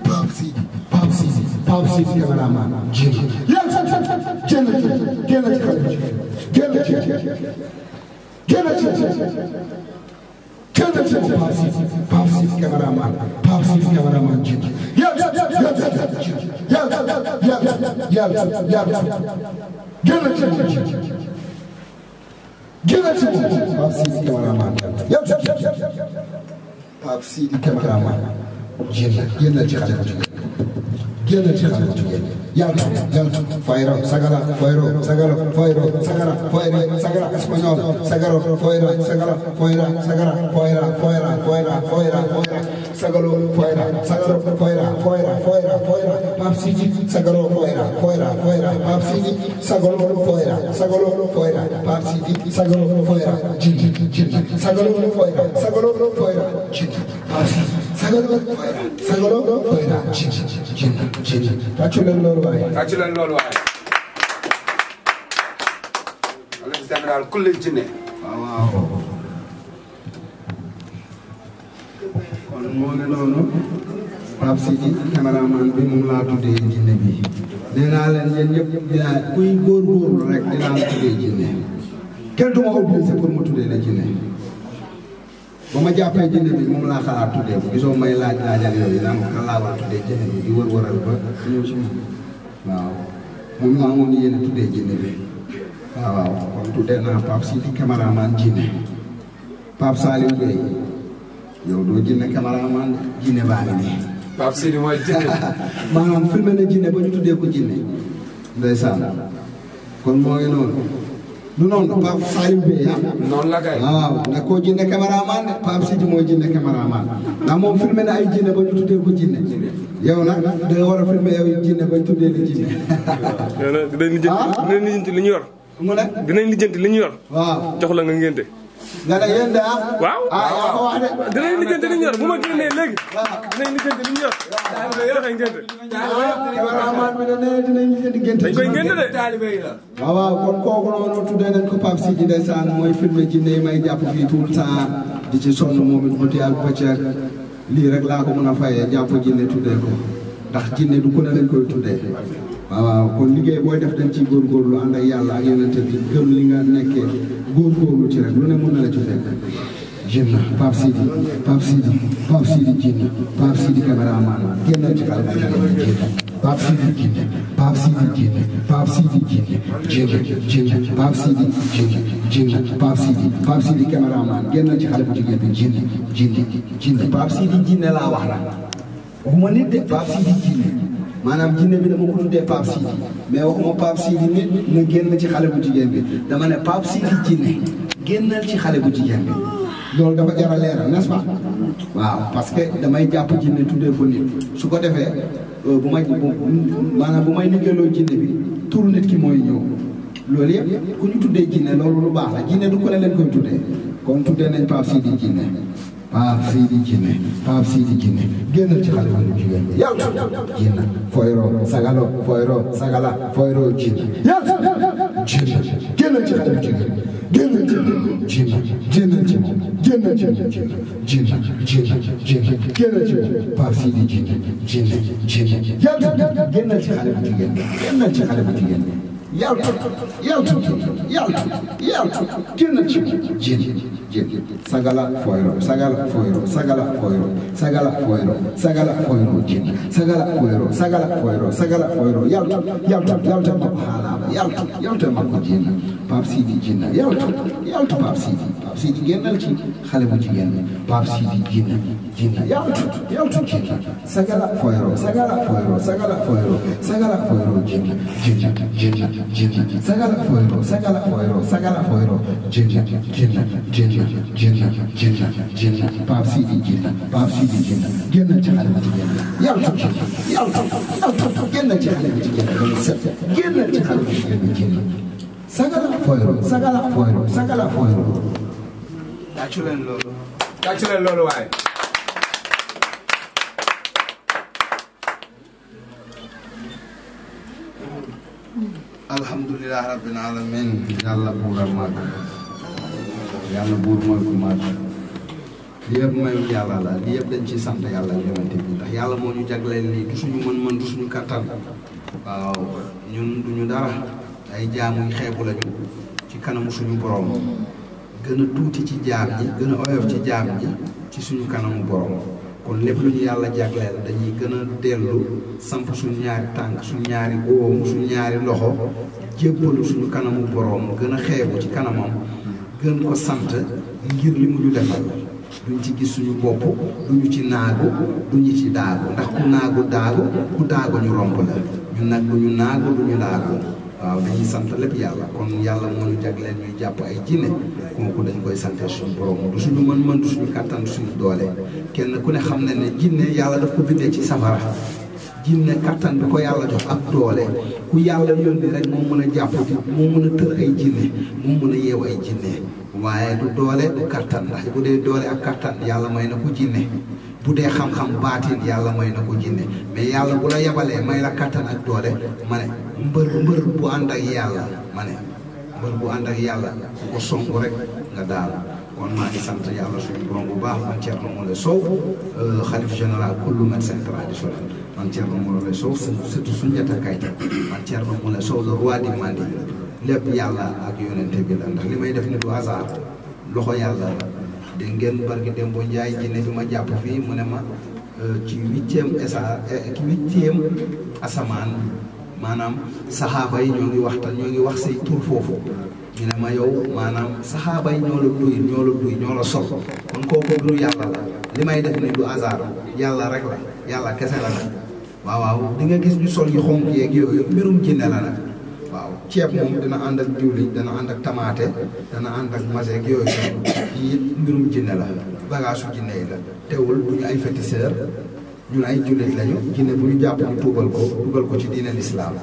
Pape Sidi Pape Sidi Pape Sidi cameraman jën yàgg génnal ci génnal ci xale bu jigéen génnal ci génnal ci kenn ci moom Pape Sidi Pape Sidi cameraman Pape Sidi cameraman jiitu yow yow yow yow yow yow génn ci moom jiitu génn ci moom Pape Sidi cameraman yow yow yow Pape Sidi cameraman génn génnal ci xale bu jigéen génnal ci xale bu jigéen yaatu yaatu fayro sagara fayro sagara fayro sagara fayro sagara espagnol sagara fayra sagara fayra sagara fayra fayra fayra fayra fayra sagalo fayra sagara fayra fayra fayra fayra pap siji sagalo fayra fayra fayra pap siji sagalo fayra sagalo fayra pap siji sagalo fayra jin jin sagalo fayra sagalo fayra jin pap siji sagaloo sagaloo tooytaan ci ci ci tàccu leen loolu waaye. tàccu leen loolu waaye. wala général ku leen ci ne. waaw waaw. kon moo ngi noonu. Pape Sidi caméraman bi moom laa tuddee jinne bi. nee naa leen yéen ñëpp dinaa kuy góorgóorlu rek dinaa la tuddee jinne. kenn du ma obligé pour mu tuddee la jinne. boo ma jàppee jënd bi moom laa xalaat laa war a tuddee jënd bi di wër-wëral ba ñëw si moom waaw a tuddee jënd bi waaw waaw kon tuddee naa Pape Sidi cameraman jinne Pape Saliou Gueye doo jinne cameraman jinne baa ngi nii. Pape Sidi jinne. [laughs] maanaam filmé na jinne ba ñu tuddee ko jinne ndeysaan kon moo ngi noonu. du Pape na Bey ah. noonu la kay waaw ndax koo jinne caméraman de Pape Sidi mooy jinne caméraman ndax moom filmé na ay jinne ba ñu tuddee ko jinne yow na da nga war a filmé yow jinne ba ñu tuddee ko jinne. yow nag dinañ lijjanti ah? dinañ lijjanti li ñu yor. mu ne dinañ li ñu yor. waaw jox la nga ngénte. nga ne yéen de ah. waaw ah yaa ko wax de. dinañ lijjanti li ñu yor bu ma génnee léegi. waaw dinañ lijjanti li ñu yor. waaw dinañ lijjanti waaw waaw kon kooku noonu tuddee nañ ko Pape Sidi mooy filmé jinne yi may jàpp fii tout le di ci sonn moom it mu teel ba lii rek laa ko mën a fayee jàpp jinne tuddee ko ndax jinne du ko ne lañ koy tuddee. waaw waaw kon liggéey booy def dañ ciy góorgóorlu ànd ak yàlla ak yeneen bi gëm li nga nekkee góorgóorlu ci rek lu ne mën na la ci fekk. jënd Pape Sidi Pape Sidi Pape Sidi jënd Pape Sidi caméraman génnal ci kàlla Pape Sidi jënd ci xale bu jigéen bi jënd jënd jënd Pape Sidi laa wax la waxuma nit de Pape Sidi jënd maanaam jinne bi dama ko tuddee Pape Sidi mais waxuma Pape Sidi nit mu génn ci xale bu jigéen bi dama ne Pape Sidi jinne génnal ci xale bu jigéen bi loolu dafa jar a leeral waaw parce que damay jàpp jinne tuddee ko nit su ko defee euh, bu ma maanaam bu may liggéeyloo jinne bi tur nit ki mooy ñëw loolu yëpp ku ñu tuddee jinne loolu lu baax la jinne du ko ne leen koy tuddee kon tuddee nañ Pape Sidi jinne Pape Sidi Djinné Pape Sidi Djinné génnal ci xalifa bu jigéen bi yàlla jinna foyro sagalo foyro sagala foyro jinna yàlla jinna génnal ci xalifa bu jigéen génnal ci jinna génnal ci moom génnal ci jinna jinna jinna jinna génnal ci moom Pape Sidi Djinné jinna jinna yàlla génnal ci xalifa bu jigéen bi génnal ci xalifa bu jigéen bi yàlla yàlla yàlla yàlla génn ci jéem jéem sagala fooyro sagala fooyro sagala fooyro sagala fooyro sagala fooyro jéem sagala fooyro sagala fooyro sagala fooyro yàlla yàlla yàlla ma ko xaalaama yàlla yàlla ma ko jéem Pape Sidi jéem yàlla yàlla Pape Sidi Pape Sidi génnal ci xale bu jigéen Pape Sidi génn génn yawtu yawtu génn sagala foyro sagala foyro sagala foyro sagala foyro génn génn génn génn sagala foyro sagala foyro sagala foyro génn génn génn génn génn génn Pape Sidi génn Pape Sidi génn génn ci xale bu jigéen yawtu yawtu yawtu génn ci xale bu jigéen génn ci xale bu jigéen génn sagala foyro sagala foyro sagala foyro tàccu leen loolu tàccu leen loolu waaye alhamdulilah rabbil alamin yàlla buural màgg yàlla buur mooy bu màgg li yëpp mayu yàlla la li yëpp dañ ciy sant yàlla yonente bi ndax yàlla moo ñu jagleel nii du suñu mën-mën du suñu kattan waaw ñun duñu dara ay jaamu xeebu lañu ci kanamu suñu borom gën a tuuti ci jaam ñi gën a oyof ci jaam ñi ci suñu kanamu borom kon lépp lu ñu yàlla jagleel dañuy gën a dellu samp suñu ñaari tànk suñu ñaari góom suñu ñaari loxo jéppalu suñu kanamu borom gën a xeebu ci kanamam gën ko sant ngir li mu ñu defal duñ ci gis suñu bopp duñu ci naagu duñu ci daagu ndax ku naagu daagu ku daagu ñu romp la ñun nag duñu naagu duñu daagu waaw dañuy sant lépp yàlla kon yàlla moo ñu jagleel ñuy jàpp ay jinne kooku dañ koy sante suñu borom du suñu mën-mën du suñu kàttan du suñu doole kenn ku ne xam na ne jinne yàlla daf ko bindee ci safara jinne kàttan bi ko yàlla jox ak doole ku yàlla yoon yónni rek moo mën a jàpp moo mën a tër ay jinne moo mën a yeew ay jinne waaye du doole du kàttan ndax bu dee doole ak kartan yàlla may na ko jinne bu dee xam-xam baatin yàlla may na ko jinne mais yàlla bu la yebalee may la kàttan ak doole ma ne mbër mbër bër bu ànd ak yàlla ku ko songu rek nga daal kon maa ngi sant yàlla suñu borom bu baax man Thierno Moule Sow euh, xalif général kullu médecin traditionnel man Thierno Moule suñ surtout Soundiata Keita man Thierno Moule Sow le roi du Mandi lépp yàlla ak yonente bi la ndax li may def ni du hasard loxo yàlla de ngeen barki Demba Ndiaye jinne bi ma jàpp fii mu ne ma euh, ci huitième esa eh, ci huitième asamaan maanaam saxaaba yi ñoo ngi waxtaan ñoo ngi wax si tur foofu ñu ne ma yow maanaam saxaaba yi ñoo la duy ñoo la duy sol kon kooku du yàlla la li may def ni du hasard yàlla rek la yàlla kese la nag waaw waaw di nga gis ñu sol yu xonk yeeg yooyu mbirum jinne la nag waaw ceeb moom dana ànd ak diwlin dana ànd ak tamaate dana ànd ak maseeg yooyu yii mbirum jinne la bagage su jinne yi la teewul duñu ay féticheur ñun ay jullit lañu jinne bu ñu jàpp ñu tuubal ko dugal ko ci diine lislaam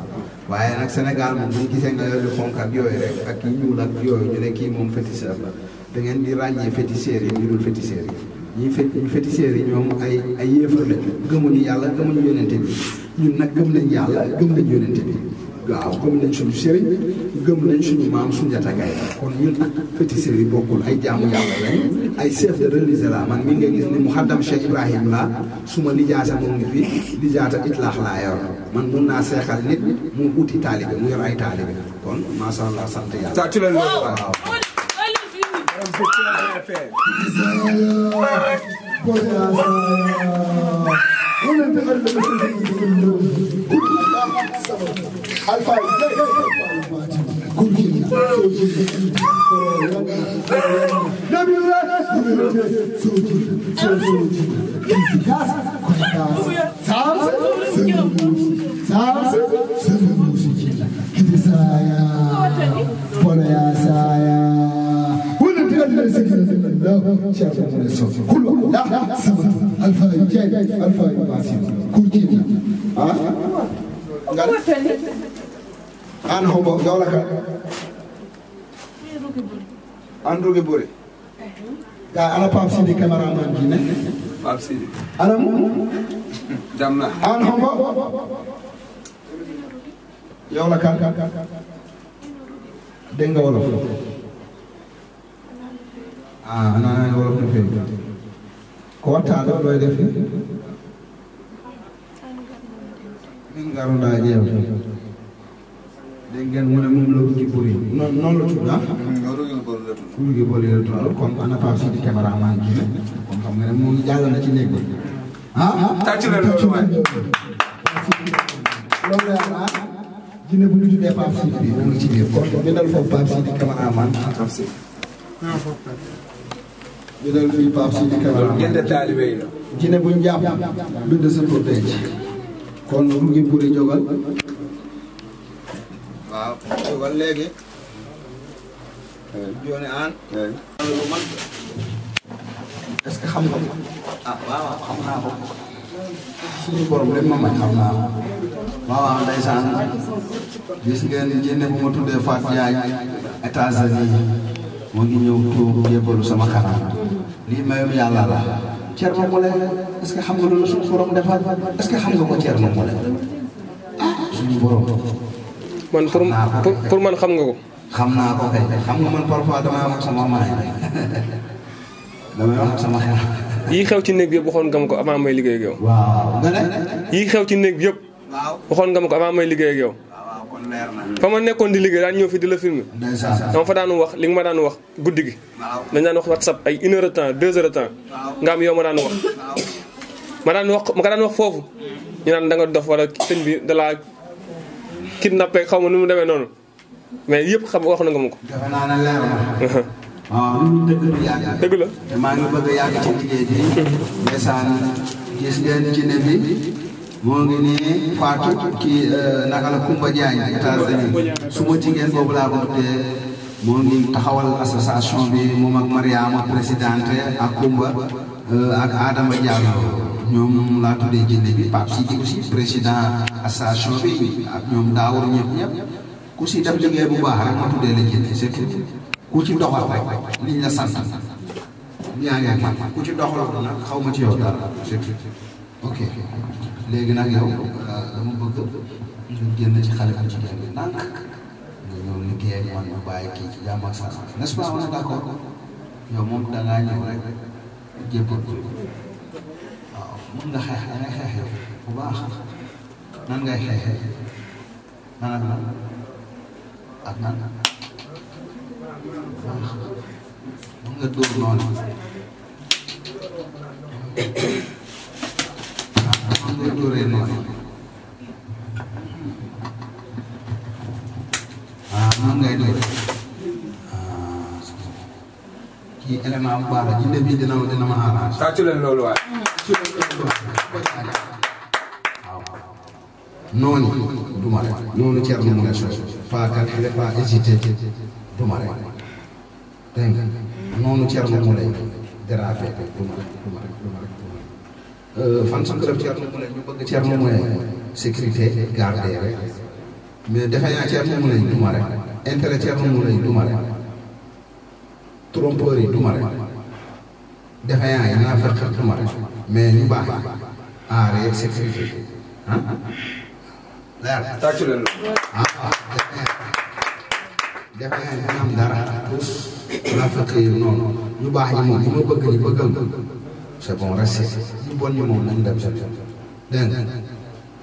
waaye nag Sénégal moom bu ñu gisee nga yor lu xonk ak yooyu rek ak ñuul ak yooyu ñu ne kii moom féticheur la da ngeen di ràññee féticheurs yi ñu dul féticheurs yi ñuy fét yi ñoom ay ay yéefar lañu gëmuñu yàlla gëmuñu yónente bi ñun nag gëm nañ yàlla gëm nañ yónente bi waaw comme nañ suñu sëriñ gëm nañ suñu maam suñu jatagaay kon ñun ak féticheurs yi bokkul ay jaamu yàlla lañ ay chef de religion la man mi nga gis ni muhaddam Cheikh Ibrahim la su ma lijaasa moom ngi fi lijaasa itlaax laa yor man mun naa seexal nit mu uti taalibe mu yor ay taalibe kon macha allah sant yàlla. saa ci leen loolu waaw. Voilà. alpha Alfa, Alfa, Alfa, Alfa, Alfa, Alfa, an hombo gawla ka andruge ɓoore ga ala pam sidi camaraman jine pam sidi alam jamna an hombo yawla ka denga wolof ah, a wolof no fewi ko watta ɗo ɗo e defi min garnoɗa ƴeewta dégg ngeen mu ne moom la Rougui Boli noonu noonu la tudd ah. Rougui Boli la tudd comme ana Pape Sidi na ci néeg ah, ah, ah. bi ah. tàcc na loolu bu ngi ci biir kon bindal foofu Pape Sidi cameraman Pape Sidi. bindal waaw suba léegi. Eh. jooni aan. Eh. ce que xam nga ko. Ah, xam naa ko. suñu borom ma mañ xam naa ko. waaw waaw ndeysaan gis ngeen jinne bu ma tuddee Fatou Ndiaye États-Unis mu ngi ñëw tuub jébbalu sama xalaat lii mayum yàlla la Thierno Moule est-ce que xam nga loolu suñu borom defal est-ce que ah, suñu borom man pour pour man xam nga ko. xam naa ko kay xam nga man [laughs] yii xew ci néeg bi yëpp waxoon nga ma ko avant may liggéey ak yow. xew ci néeg yëpp. waxoon nga ko avant may liggéey yow. fa ma nekkoon di liggéey daan ñëw fi di la filmer dama fa daan wax li ma daan wax guddi gi dañ daan wax whatsapp ay une heure de temps deux heures temps nga am yow ma daan wax ma daan wax ko daan wax foofu ñu naan da dof wala sëñ bi dalaa kidnappé xaw ma nu mu demee noonu mais yëpp xam wax na nga ma ko. defe naa a leer na. waaw loolu dëgg la yàgg. dëgg la te maa ngi bëgg a yàgg ci liggéey bi. ndeysaan gis ngeen ci ne moo ngi nii Fatou kii euh, naka la Kumba Diagne États-Unis su ma jigéen boobu laa ko moo ngi taxawal association bi moom ak Mariama présidente ak Kumba euh, ak Adama Diallo ñoom laa tuddee jënde bi Pape Sidi aussi président association bi ak ñoom daawar ñëpp ñëpp ku si def liggéey bu baax rek ma tuddee ci doxal liñ la sant yaa ngi ku ci doxal xaw ma ci yow dara c'est léegi nag yow euh, dama génn ci xale bu jigéen bi nànk nga ñëw liggéey man ñu bàyyi kii ci jàmm ak sant n'est-ce pas on yow moom dangaa ñëw rek jébbal mun nga xeex da ngay xeex yow bu baax nan ngay xeexee nan ak nan ak nan baax mun nga dóor noonu mun nga dóoree noonu ah nan ngay dóoree ah kii élément bu baax la ñu ne bii dina dina ma arrange. tàccu leen loolu waay. noonu du ma rek noonu Thierno Moule Sow pas calculer pas hésiter du ma nga noonu Thierno Moule déraper du ma rek du ma rek euh, fan su club Thierno Moule ñu bëgg Thierno Moule sécurité garder rek mais defe naa Thierno Moule du ma rek intérêt Thierno Moule du ma rek trompeur yi naa fekk du ma rek ñu baax aar yeeg sécurité leer na tàcc leen defe ah, naa am dara tous rafet yi noonu ñu baax ñi moom ñu ma bëgg ñu bëggal c'est bon bon ñi moom nañ dem seen dégg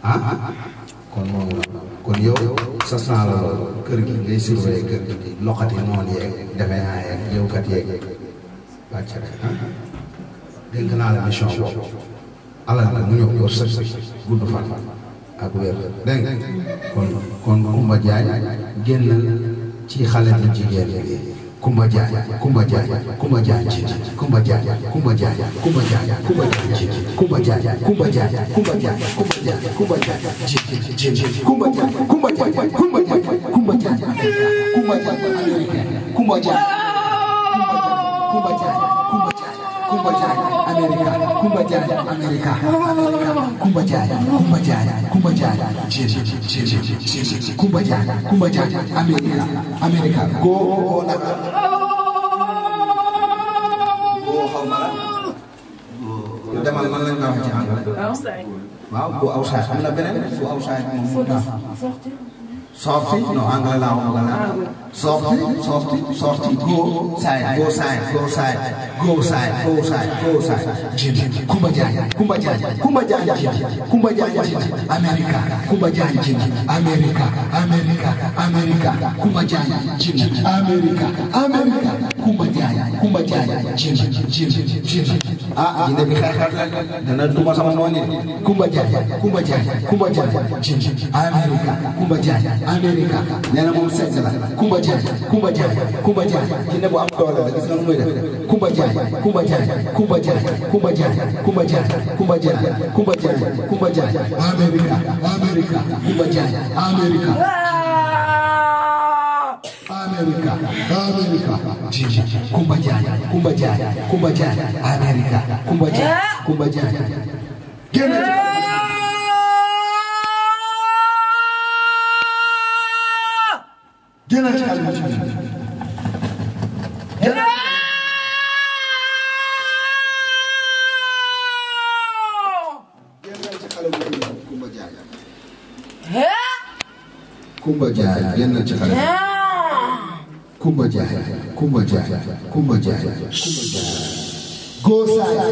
ah? kon moom kon yow sas naa la kër gi ngay kër gi di loxati noonu yeeg defe naa yeeg yëwkat yeeg wàcc rek ah dénk naa la mission boobu alal la mu ñëw yow sëg gudd fan ak wér dégg kon kon Kumba Jaay génnal ci xale bu jigéen bi Kumba Jaay Kumba Jaay Kumba Jaay ci Kumba Jaay Kumba Jaay Kumba Jaay Kumba Jaay ci Kumba Jaay Kumba Jaay Kumba Jaay Kumba Jaay Kumba Jaay ci Kumba Jaay Kumba Jaay Kumba Jaay Kumba Jaay Kumba Jaay Kumba Jaay Kumba Jaay Kumba Jaay Kumba Jaay America Kumba Jaay America Kumba Jaay Kumba Jaay Kumba Jaay Kumba Jaay Kumba Jaay America America go onak go xawma demal man lañ ko wax ci anglais waaw go outside am na beneen go outside moom mu tax sorti non anglais laa wax Sorti, sorti, sorti, go side, go side, go side, go side, go side, go side. Jim, Kumba Jaya, Kumba Jaya, Kumba Jaya Jim, Kumba Jaya Jim, America, Kumba Jaya Jim, America, America, America, Kumba Jaya Jim, America, America, Kumba Jaya, Kumba Jaya Jim, Jim, Jim. Ah, ah. ini lebih kaya karena cuma sama noni. Kumba Jaya, Kumba Jaya, Kumba Jaya Jim, America, Kumba Jaya, America. Nana mau saya jalan, Kumba jaay kumba jaay kumba jaay jinne bu am doole la gis nga nu muy def kumba jaay kumba jaay kumba jaay kumba jaay kumba jaay kumba jaay kumba jaay kumba jaay America America kumba jaay America America America jiji kumba jaay kumba jaay kumba jaay America kumba jaay kumba jaay génn ci àll bi Kumba Jaay génn ci xale Kumba Jaay Kumba Jaay Kumba Jaay Go Saay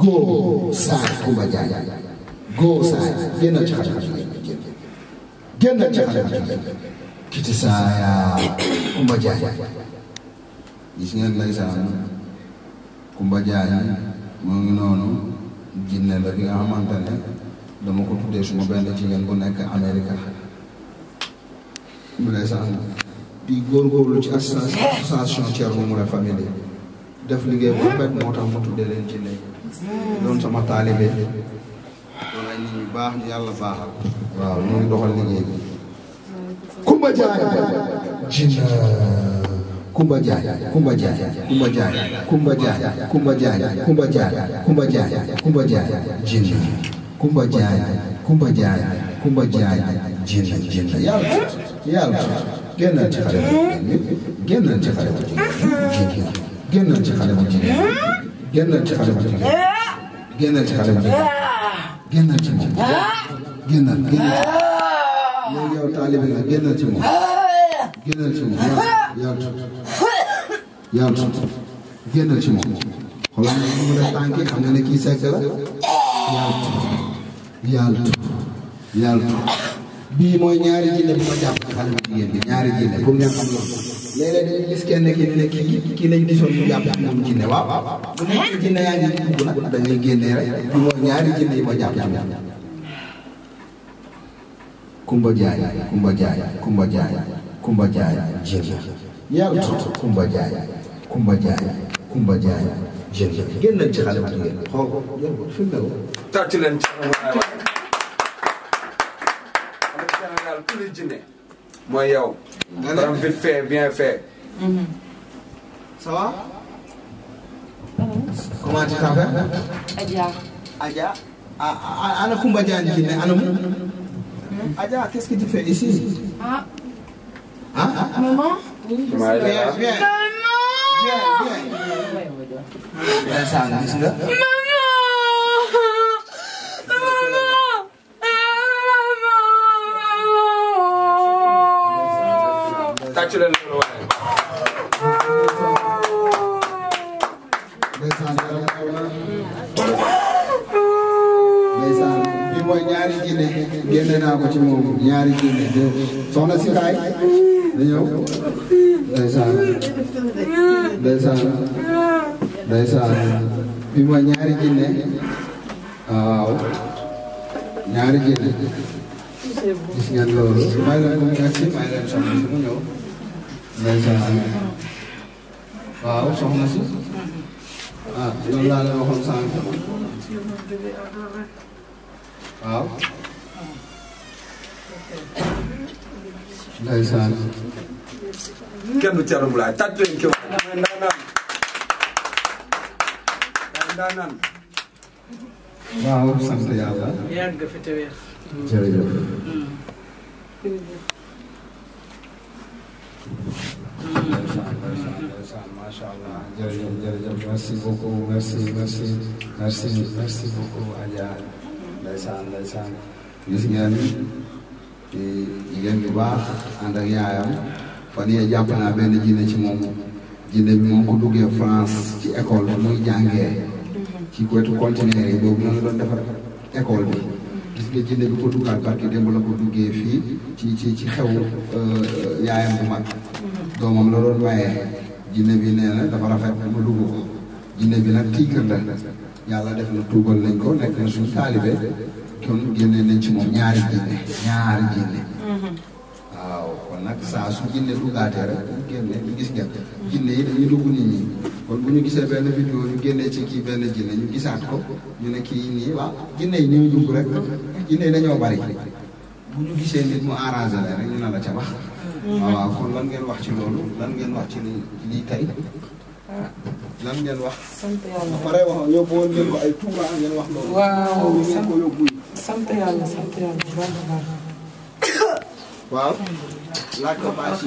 Go Saay Kumba Jaay Go Saay génn ci xale génn ci xale kiti saaya Kumba Jaay gis ngeen ndeysaan Kumba Jaay moo ngi noonu jinne la bi nga xamante ne dama ko tuddee suma benn jigéen bu nekk Amérique ndeysaan di góorgóorlu ci association Thierno Moule Famille def liggéey bu rafet moo tax mu tuddee leen jinne doon sama taalibe doon ay nit ñu baax ñu yàlla baaxal waaw ñu ngi doxal liggéey bi Kumba Njaay jina Kumba Njaay Kumba Njaay Kumba Njaay Kumba Njaay Kumba Njaay Kumba Njaay Kumba Njaay Kumba Njaay jina Kumba Njaay Kumba Njaay Kumba Njaay jina jina yàlla yàlla génnal ci xale bu jigéen génnal ci xale bu jigéen génnal ci xale bu jigéen génnal ci xale bu jigéen génnal ci xale bu jigéen génnal ci moom génnal génnal yow yow taalibe nga génnal ci moom génnal ci moom yaatu yaatu génnal ci moom xoolal nga ni mu def tànki xam nga ne kii sekk la yaatu yaatu yaatu bii mooy ñaari jinne bi ma jàpp ci xale bu jigéen bi ñaari jinne comme ngeen xam loolu léeg-léeg dañuy gis kenn ki ne kii kii lañ gisoon ñu jàpp ci moom jinne waaw bu nekk jinne yaa ngi dugg nag da ngay génnee rek bi mooy ñaari jinne yi ma jàpp ci moom Kumba Jaay Kumba Jaay Kumba Jaay Kumba Jaay jënd yaatu Kumba Jaay Kumba Jaay Kumba Jaay jënd mooy yow am mm-hmm. ah, ah, ah, ana Kumba Jaay jinne ana mu Ah, Adja, qu'est-ce que tu fais ici Ah. Hein? Ah, hein? Ah, Maman Oui, je Maman Viens, viens. Maman Viens, viens. Viens, ça, là, là. Maman Maman Maman Maman Tàccu leen loolu waaye booy ñaari jinne génne naa ko ci moom ñaari jinne soxna si kaay da ñëw ndeysaan ndeysaan ndeysaan bi mooy ñaari jinne waaw ñaari jinne gis ngeen loolu may leen ko ngeen si may leen soxna si mu ñëw ndeysaan waaw soxna si ah loolu laa la waxoon sànq waaw ndeysaan kenn du Thierno Moulay tàcc leen ki wax mooy ndaanaan waaye ndaanaan waaw sant yàlla yàgg fi te wér jërëjëf mm. macha allah jërëjëf jërëjëf merci beaucoup merci merci merci merci beaucoup Adja ndeysaan ndeysaan gis ngeen jigéen bu baax ànd ak yaayam fan yee jàpp naa benn jinne ci moom jinne bi moom ko duggee France ci école bi muy jàngee ci wetu conteneur yi boobu noonu doon defar école bi gis nga jinne bi ko duggaat barki démb la ko duggee fii ci ci ci xew euh, yaayam bu mag doomam la doon waaye jinne bi nee na dafa rafet mu dugg ko jinne bi nag tiikër la yàlla def na tuubal nañ ko nekk na suñu taalibe kon génne nañ ci moom ñaari jinne ñaari jinne waaw kon nag saa su jinne duggaatee rek génne ñu gis ngeen jinne yi dañuy dugg nit ñi kon bu ñu gisee benn vidéo ñu génnee ci kii benn jinne ñu gisaat ko ñu ne kii nii waaw jinne yi ñooy dugg rek jinne yi dañoo bari bu ñu gisee nit mu arrangé la rek ñu ne la ca wax mm-hmm. waaw kon lan ngeen wax ci loolu lan ngeen wax ci lii tey lan ngeen wax. sant yàlla waaw sant a baax.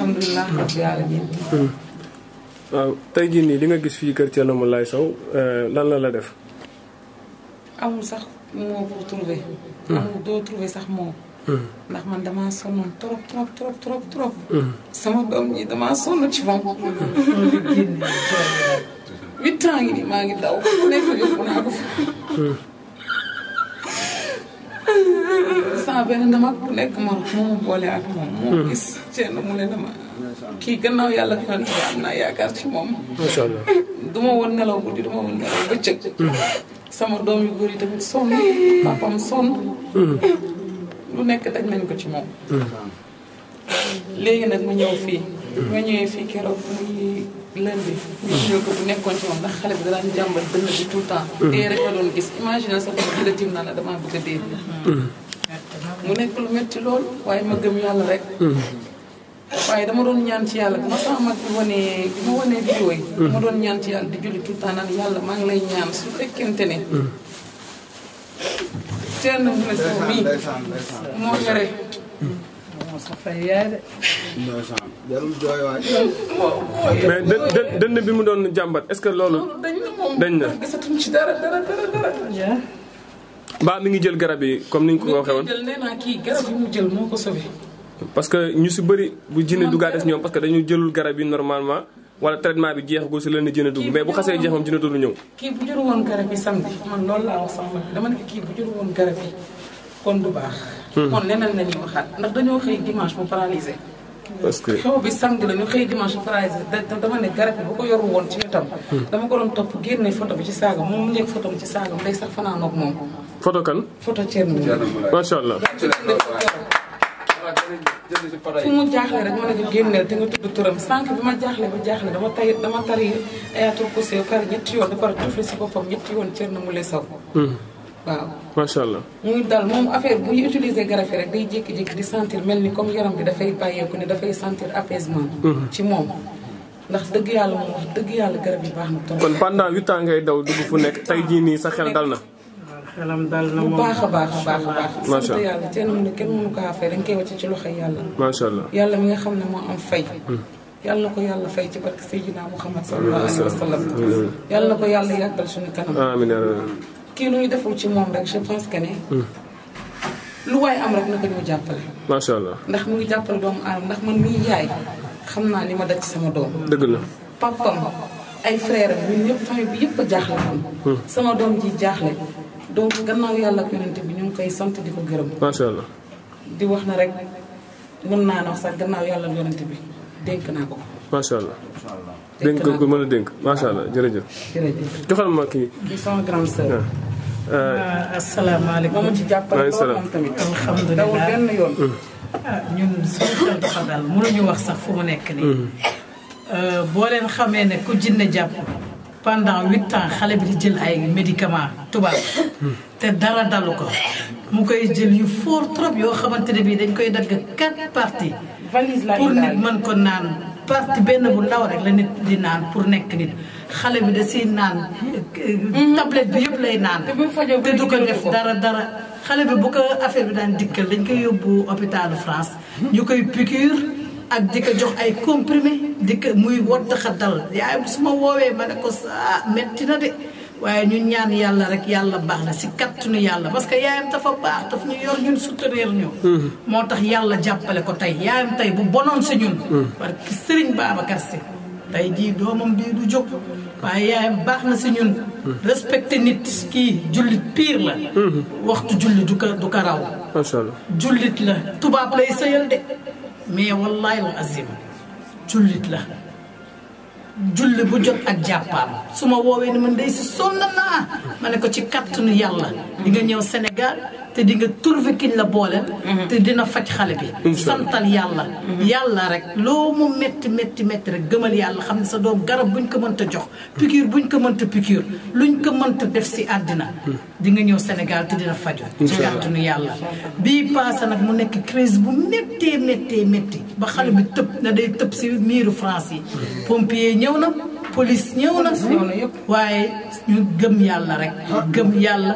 jii nii li nga gis fii kër Thierno Moulay Sow euh, lan la la def. amul sax moo pour trouver. Hmm. doo trouver sax moo. ndax man damaa sonnoon trop trop trop trop trop. Hmm. sama doom yi damaa sonn ci moom. huit ngi nii maa ngi daw ku nekk yóbbu naa ko fa. sans benn dama ku ak moom. moo hmm. gis mu ne dama. kii gannaaw yàlla ko yonent bi moom. macha allah du nelaw guddi du hmm. sama doom yu góor yi tamit sonn. papam sonn. lu nekk daj nañ ko ci moom. Mm-hmm. léegi nag mu ñëw fii. nga mm-hmm. ñëwee fii keroog muy lundi. ñu ñëw nekkoon ci moom ndax xale bi daan jàmbat dënn bi tout le a dee mm-hmm. rek gis imagine sa bopp bi la tiim naa la damaa bëgg a dee. mu nekk lu métti lool waaye ma gëm yàlla rek. waaye dama doon ñaan ci yàlla bu ma sama mag bi wanee bi ma wanee vidéo yi. dama doon ñaan ci yàlla di julli tout le temps yàlla maa ngi lay ñaan su fekkente ne. seen ministre mais dë dë dënn bi mu doon jàmbat est-ce que loolu. dañ na gisatuñ ci ngi jël garab yi comme ni ñu ko waxee woon. nee parce que ñu si bëri bu jinne dugaa des ñoom parce que dañu jëlul garab yi normalement. wala traitement bi jeexagul si leen jën a dugg mais bu xasee jeex moom jënatul ñëw. kii bu jël woon garab yi samedi man loolu laa wax sama dama ne kii bu jël woon garab yi kon du baax. Hmm. kon leneen la ñuy waxaat ndax dañoo xëy dimanche mu paralysé. parce que xew bi samedi la ñu xëy dimanche paralysé da dama ne garab bi bu ko yoru woon ci wetam. Hmm. dama ko doon topp génne photo bi ci saagam moom mu nekk photo bi ci saagam day sax fanaanoog moom. photo kan. photo Thierno Moulay. macha allah. fu mu jaaxle rek ma ne ko génneel te nga tudd turam sànq bi ma jaaxle ba jaaxle dama tay dama tari ayatul kursi par ñetti yoon ba pare tufli si boppam ñetti yoon cër na mu lay saw waaw macha allah muy dal moom affaire buy utiliser garab yi rek day jékki-jékki di sentir mel ni comme yaram bi dafay bàyyeeku ne dafay sentir apaisement hmm. ci moom ndax dëgg yàlla moom wax dëgg yàlla garab yi baax na trop kon pendant huit ans ngay daw dugg fu nekk tey jii nii sa xel dal xelam dal na moom bu baax a baax a baax a baax. macha allah yàlla teel mu ne kenn mënu kaa fay dañ koy wàcc ci loxo yàlla. macha allah yàlla xam ne moo am fay. Hmm. yàlla na na ko yàlla yàggal suñu kanam. amiin kii lu ñu moom rek je pense que hmm. lu waay am na ko ñu jàppale. macha ndax mu ngi jàppale doomu aadama ndax man mii yaay xam naa li ma daj ci sama doom. dëgg la papam ay frère am ñun ñëpp famille bi hmm. doom ji donc gannaaw yàlla ak yonent bi ñu ngi koy sant di ko gërëm. macha allah di wax na rek mën naa na wax sax gannaaw yàlla ak yonent bi dénk naa ko. macha allah dénk naa ko mën a dénk macha allah jërëjëf. jërëjëf joxal ma kii. kii sama grande sœur. Ah. Ah, ah. asalaamaaleykum moom ci jàppale lool moom tamit. alhamdulilah dawul benn yoon. Mm. ah ñun suñu xel dafa wax sax fu mu nekk nii. Mm. Euh, boo leen xamee ne ku jinne jàpp. pendant huit ans xale bi di jël ay médicament tubaab te dara dalu ko mu koy jël yu fort trop yoo xamante ne bii dañ koy dagg quatre parties pour nit mën ko naan partie benn bu ndaw rek la nit di naan pour nekk nit xale bi da siy naan mhm. tablette bi yëpp lay naan te du ko def dara dara xale bi bu ko affaire bi daan dikkal dañ koy yóbbu hopital France ñu koy piqûre ak di ko jox ay comprimé dikk ko muy wattaxa dal yaay bu su ma woowee ma ne ko ah metti na de waaye ñun ñaan yàlla rek yàlla baax na si kattanu yàlla parce que yaayam dafa baax daf ñu yor ñun soutenir ñu mm-hmm. moo tax yàlla jàppale ko tey yaayam tey bu bonoon si ñun parce que sëriñ Babacar Si tey jii doomam bii du jóg waaye yaayam baax na si ñun mm-hmm. respecté nit kii jullit piir la mm-hmm. waxtu julli du ko du ko raw jullit la tubaab lay sëyal de mais wallaay la azim jullit la julli bu jot ak jàppaam su ma woowee ni ma day si sonn naa ma ne ko ci kàttanu yàlla di nga ñëw senegal te di nga trouvé kiñ la booleel. Mhm. te dina faj xale bi. santal yàlla. Mhm. yàlla rek loo mu métti métti métti rek gëmal yàlla xam ne sa doom garab buñ ko mënta jox. piqûre buñ ko mënta pikiir lu luñ ko mënta def si àddina. di nga ñëw Sénégal te dina fajo ci kàttanu yàlla. bii paase nag mu nekk crise bu méttee méttee métti ba xale bi tëb na day tëb si miiru France yi. Mhm. pompier ñëw na. police ñëw na waaye ñu gëm yàlla rek gëm yàlla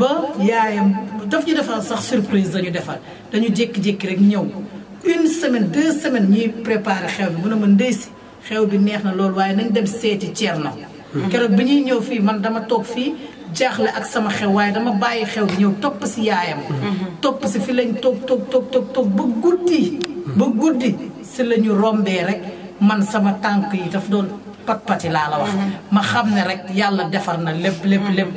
ba yaayam daf ñu defal sax surprise dañu defal dañu jékki-jékki rek ñëw une semaine deux semaines ñuy préparé xew bi mun a mën ndey si xew bi neex na loolu waaye nañ dem seeti Thierno hmm. keroog bi ñuy ñëw fii man dama toog fii jaaxle ak sama xew waaye dama bàyyi xew bi ñëw topp si yaayam hmm. Hmm. topp si fi lañ toog toog toog toog toog ba guddi ba guddi si la ñu rombee rek man sama tànk yi daf doon pat-pati la wax ma xam ne rek yàlla defar na lépp lépp lépp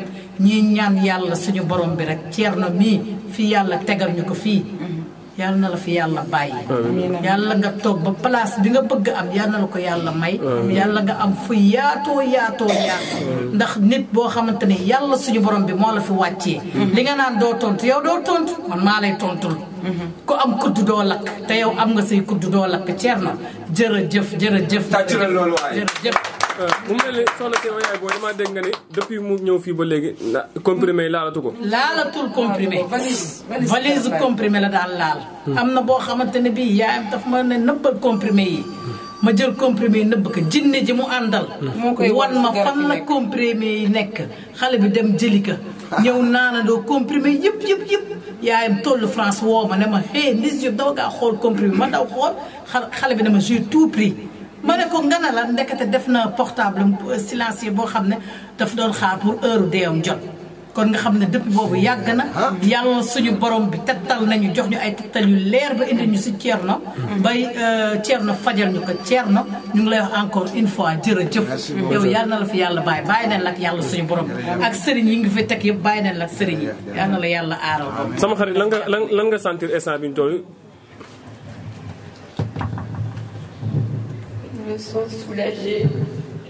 ñii ñaan yàlla suñu borom bi rek na mii fii yàlla tegal ñu ko fii yàlla na la fi yàlla bàyyi yàlla nga toog ba place bi nga bëgg am yàlla na ko yàlla may yàlla nga am fu yaatoo yaatoo yaatoo ndax nit boo xamante ne yàlla suñu borom bi moo la fi wàccee li nga naan doo tontu yow doo tontu man maa lay tontul ku am kuddu doo lakk te yow am nga say kudd doo lakk ceer na jërëjëf jërëjëf jërëjëf Euh, mu mel ni soxna Kéema yaay booy damaa dégg nga ni depuis mu ñëw fii ba léegi comprimé yi laalatu ko. laalatul comprimé. valise valise comprimé la daal laal. Hmm. am na boo xamante ne bii yaayam daf ma ne nëbbal comprimé yi. ma jël comprimé yi nëbb ko àndal. Hmm. moo koy wan ma fan la comprimé yi nekk xale bi dem jëli ko. ñëw naanandoo comprimé yëpp yëpp yëpp. yaayam tollu France woo ma ne ma hey ndis daw gaa xool comprimé ma daw xool xale bi ne ma j'ai tout pris. ma ne ko nga ne lan ndekete def na portable silencieux boo xam ne daf doon xaar pour heure deewam jot kon nga xam ne dëpp boobu yàgg na ah. yàlla suñu borom bi tettal nañu jox ñu ay tettal yu leer ba indi ñu si Thierno bay euh, Thierno fajal ñu ko Thierno ñu ngi lay wax encore une fois jërëjëf yow yàlla na la fi yàlla bàyyi bàyyi nañ la ak yàlla suñu borom ak sëriñ yi nga fi teg yëpp bàyyi nañ la ak sëriñ yi yàlla la yàlla aaral ko sama xarit lan nga lan nga me sens soulagée.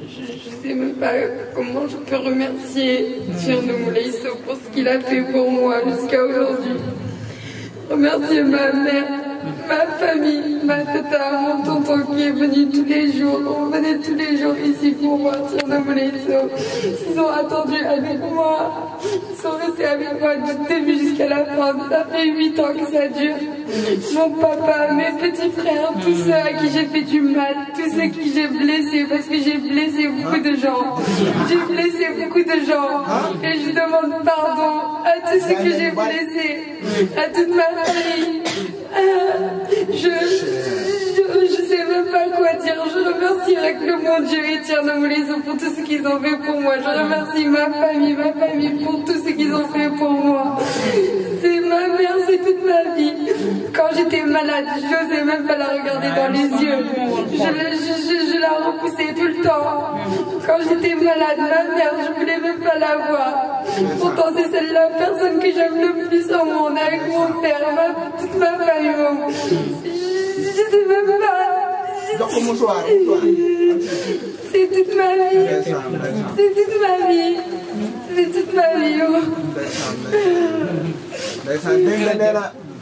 Je sais même pas comment je peux remercier Tierno Moulaisso pour ce qu'il a fait pour moi jusqu'à aujourd'hui. Remercier ma mère ma famille, ma tata, mon tonton qui est venu tous les jours, on venait tous les jours ici pour partir de Molesso. Ils ont attendu avec moi, ils sont restés avec moi du début jusqu'à la fin. Ça fait ans que ça qui j'ai fait du mal, tous ceux qui j'ai blessés, parce que j'ai blessé beaucoup de gens. J'ai blessé beaucoup de gens. Et je demande pardon à tous ceux que j'ai blessés, à toute ma famille. Euh, je, je, je, sais même pas quoi dire. Je remercierai que le bon Dieu étire nos maisons pour tout ce qu'ils ont fait pour moi. Je remercie ma famille, ma famille pour tout ce qu'ils ont fait pour moi. ma toute ma vie. Quand j'étais malade, je même pas la regarder dans les yeux. Je, la repoussais tout le temps. Quand j'étais malade, ma mère, je voulais même pas la voir. Pourtant, c'est celle la personne que j'aime le plus au monde, avec mon père, toute ma famille. Je sais même pas. jox ko musuwaar musuwaar. c'est toute ma vie. c'est toute ma vie. c'est toute ma vie. Oh. ndeysaan ndeysaan dégg nga nee na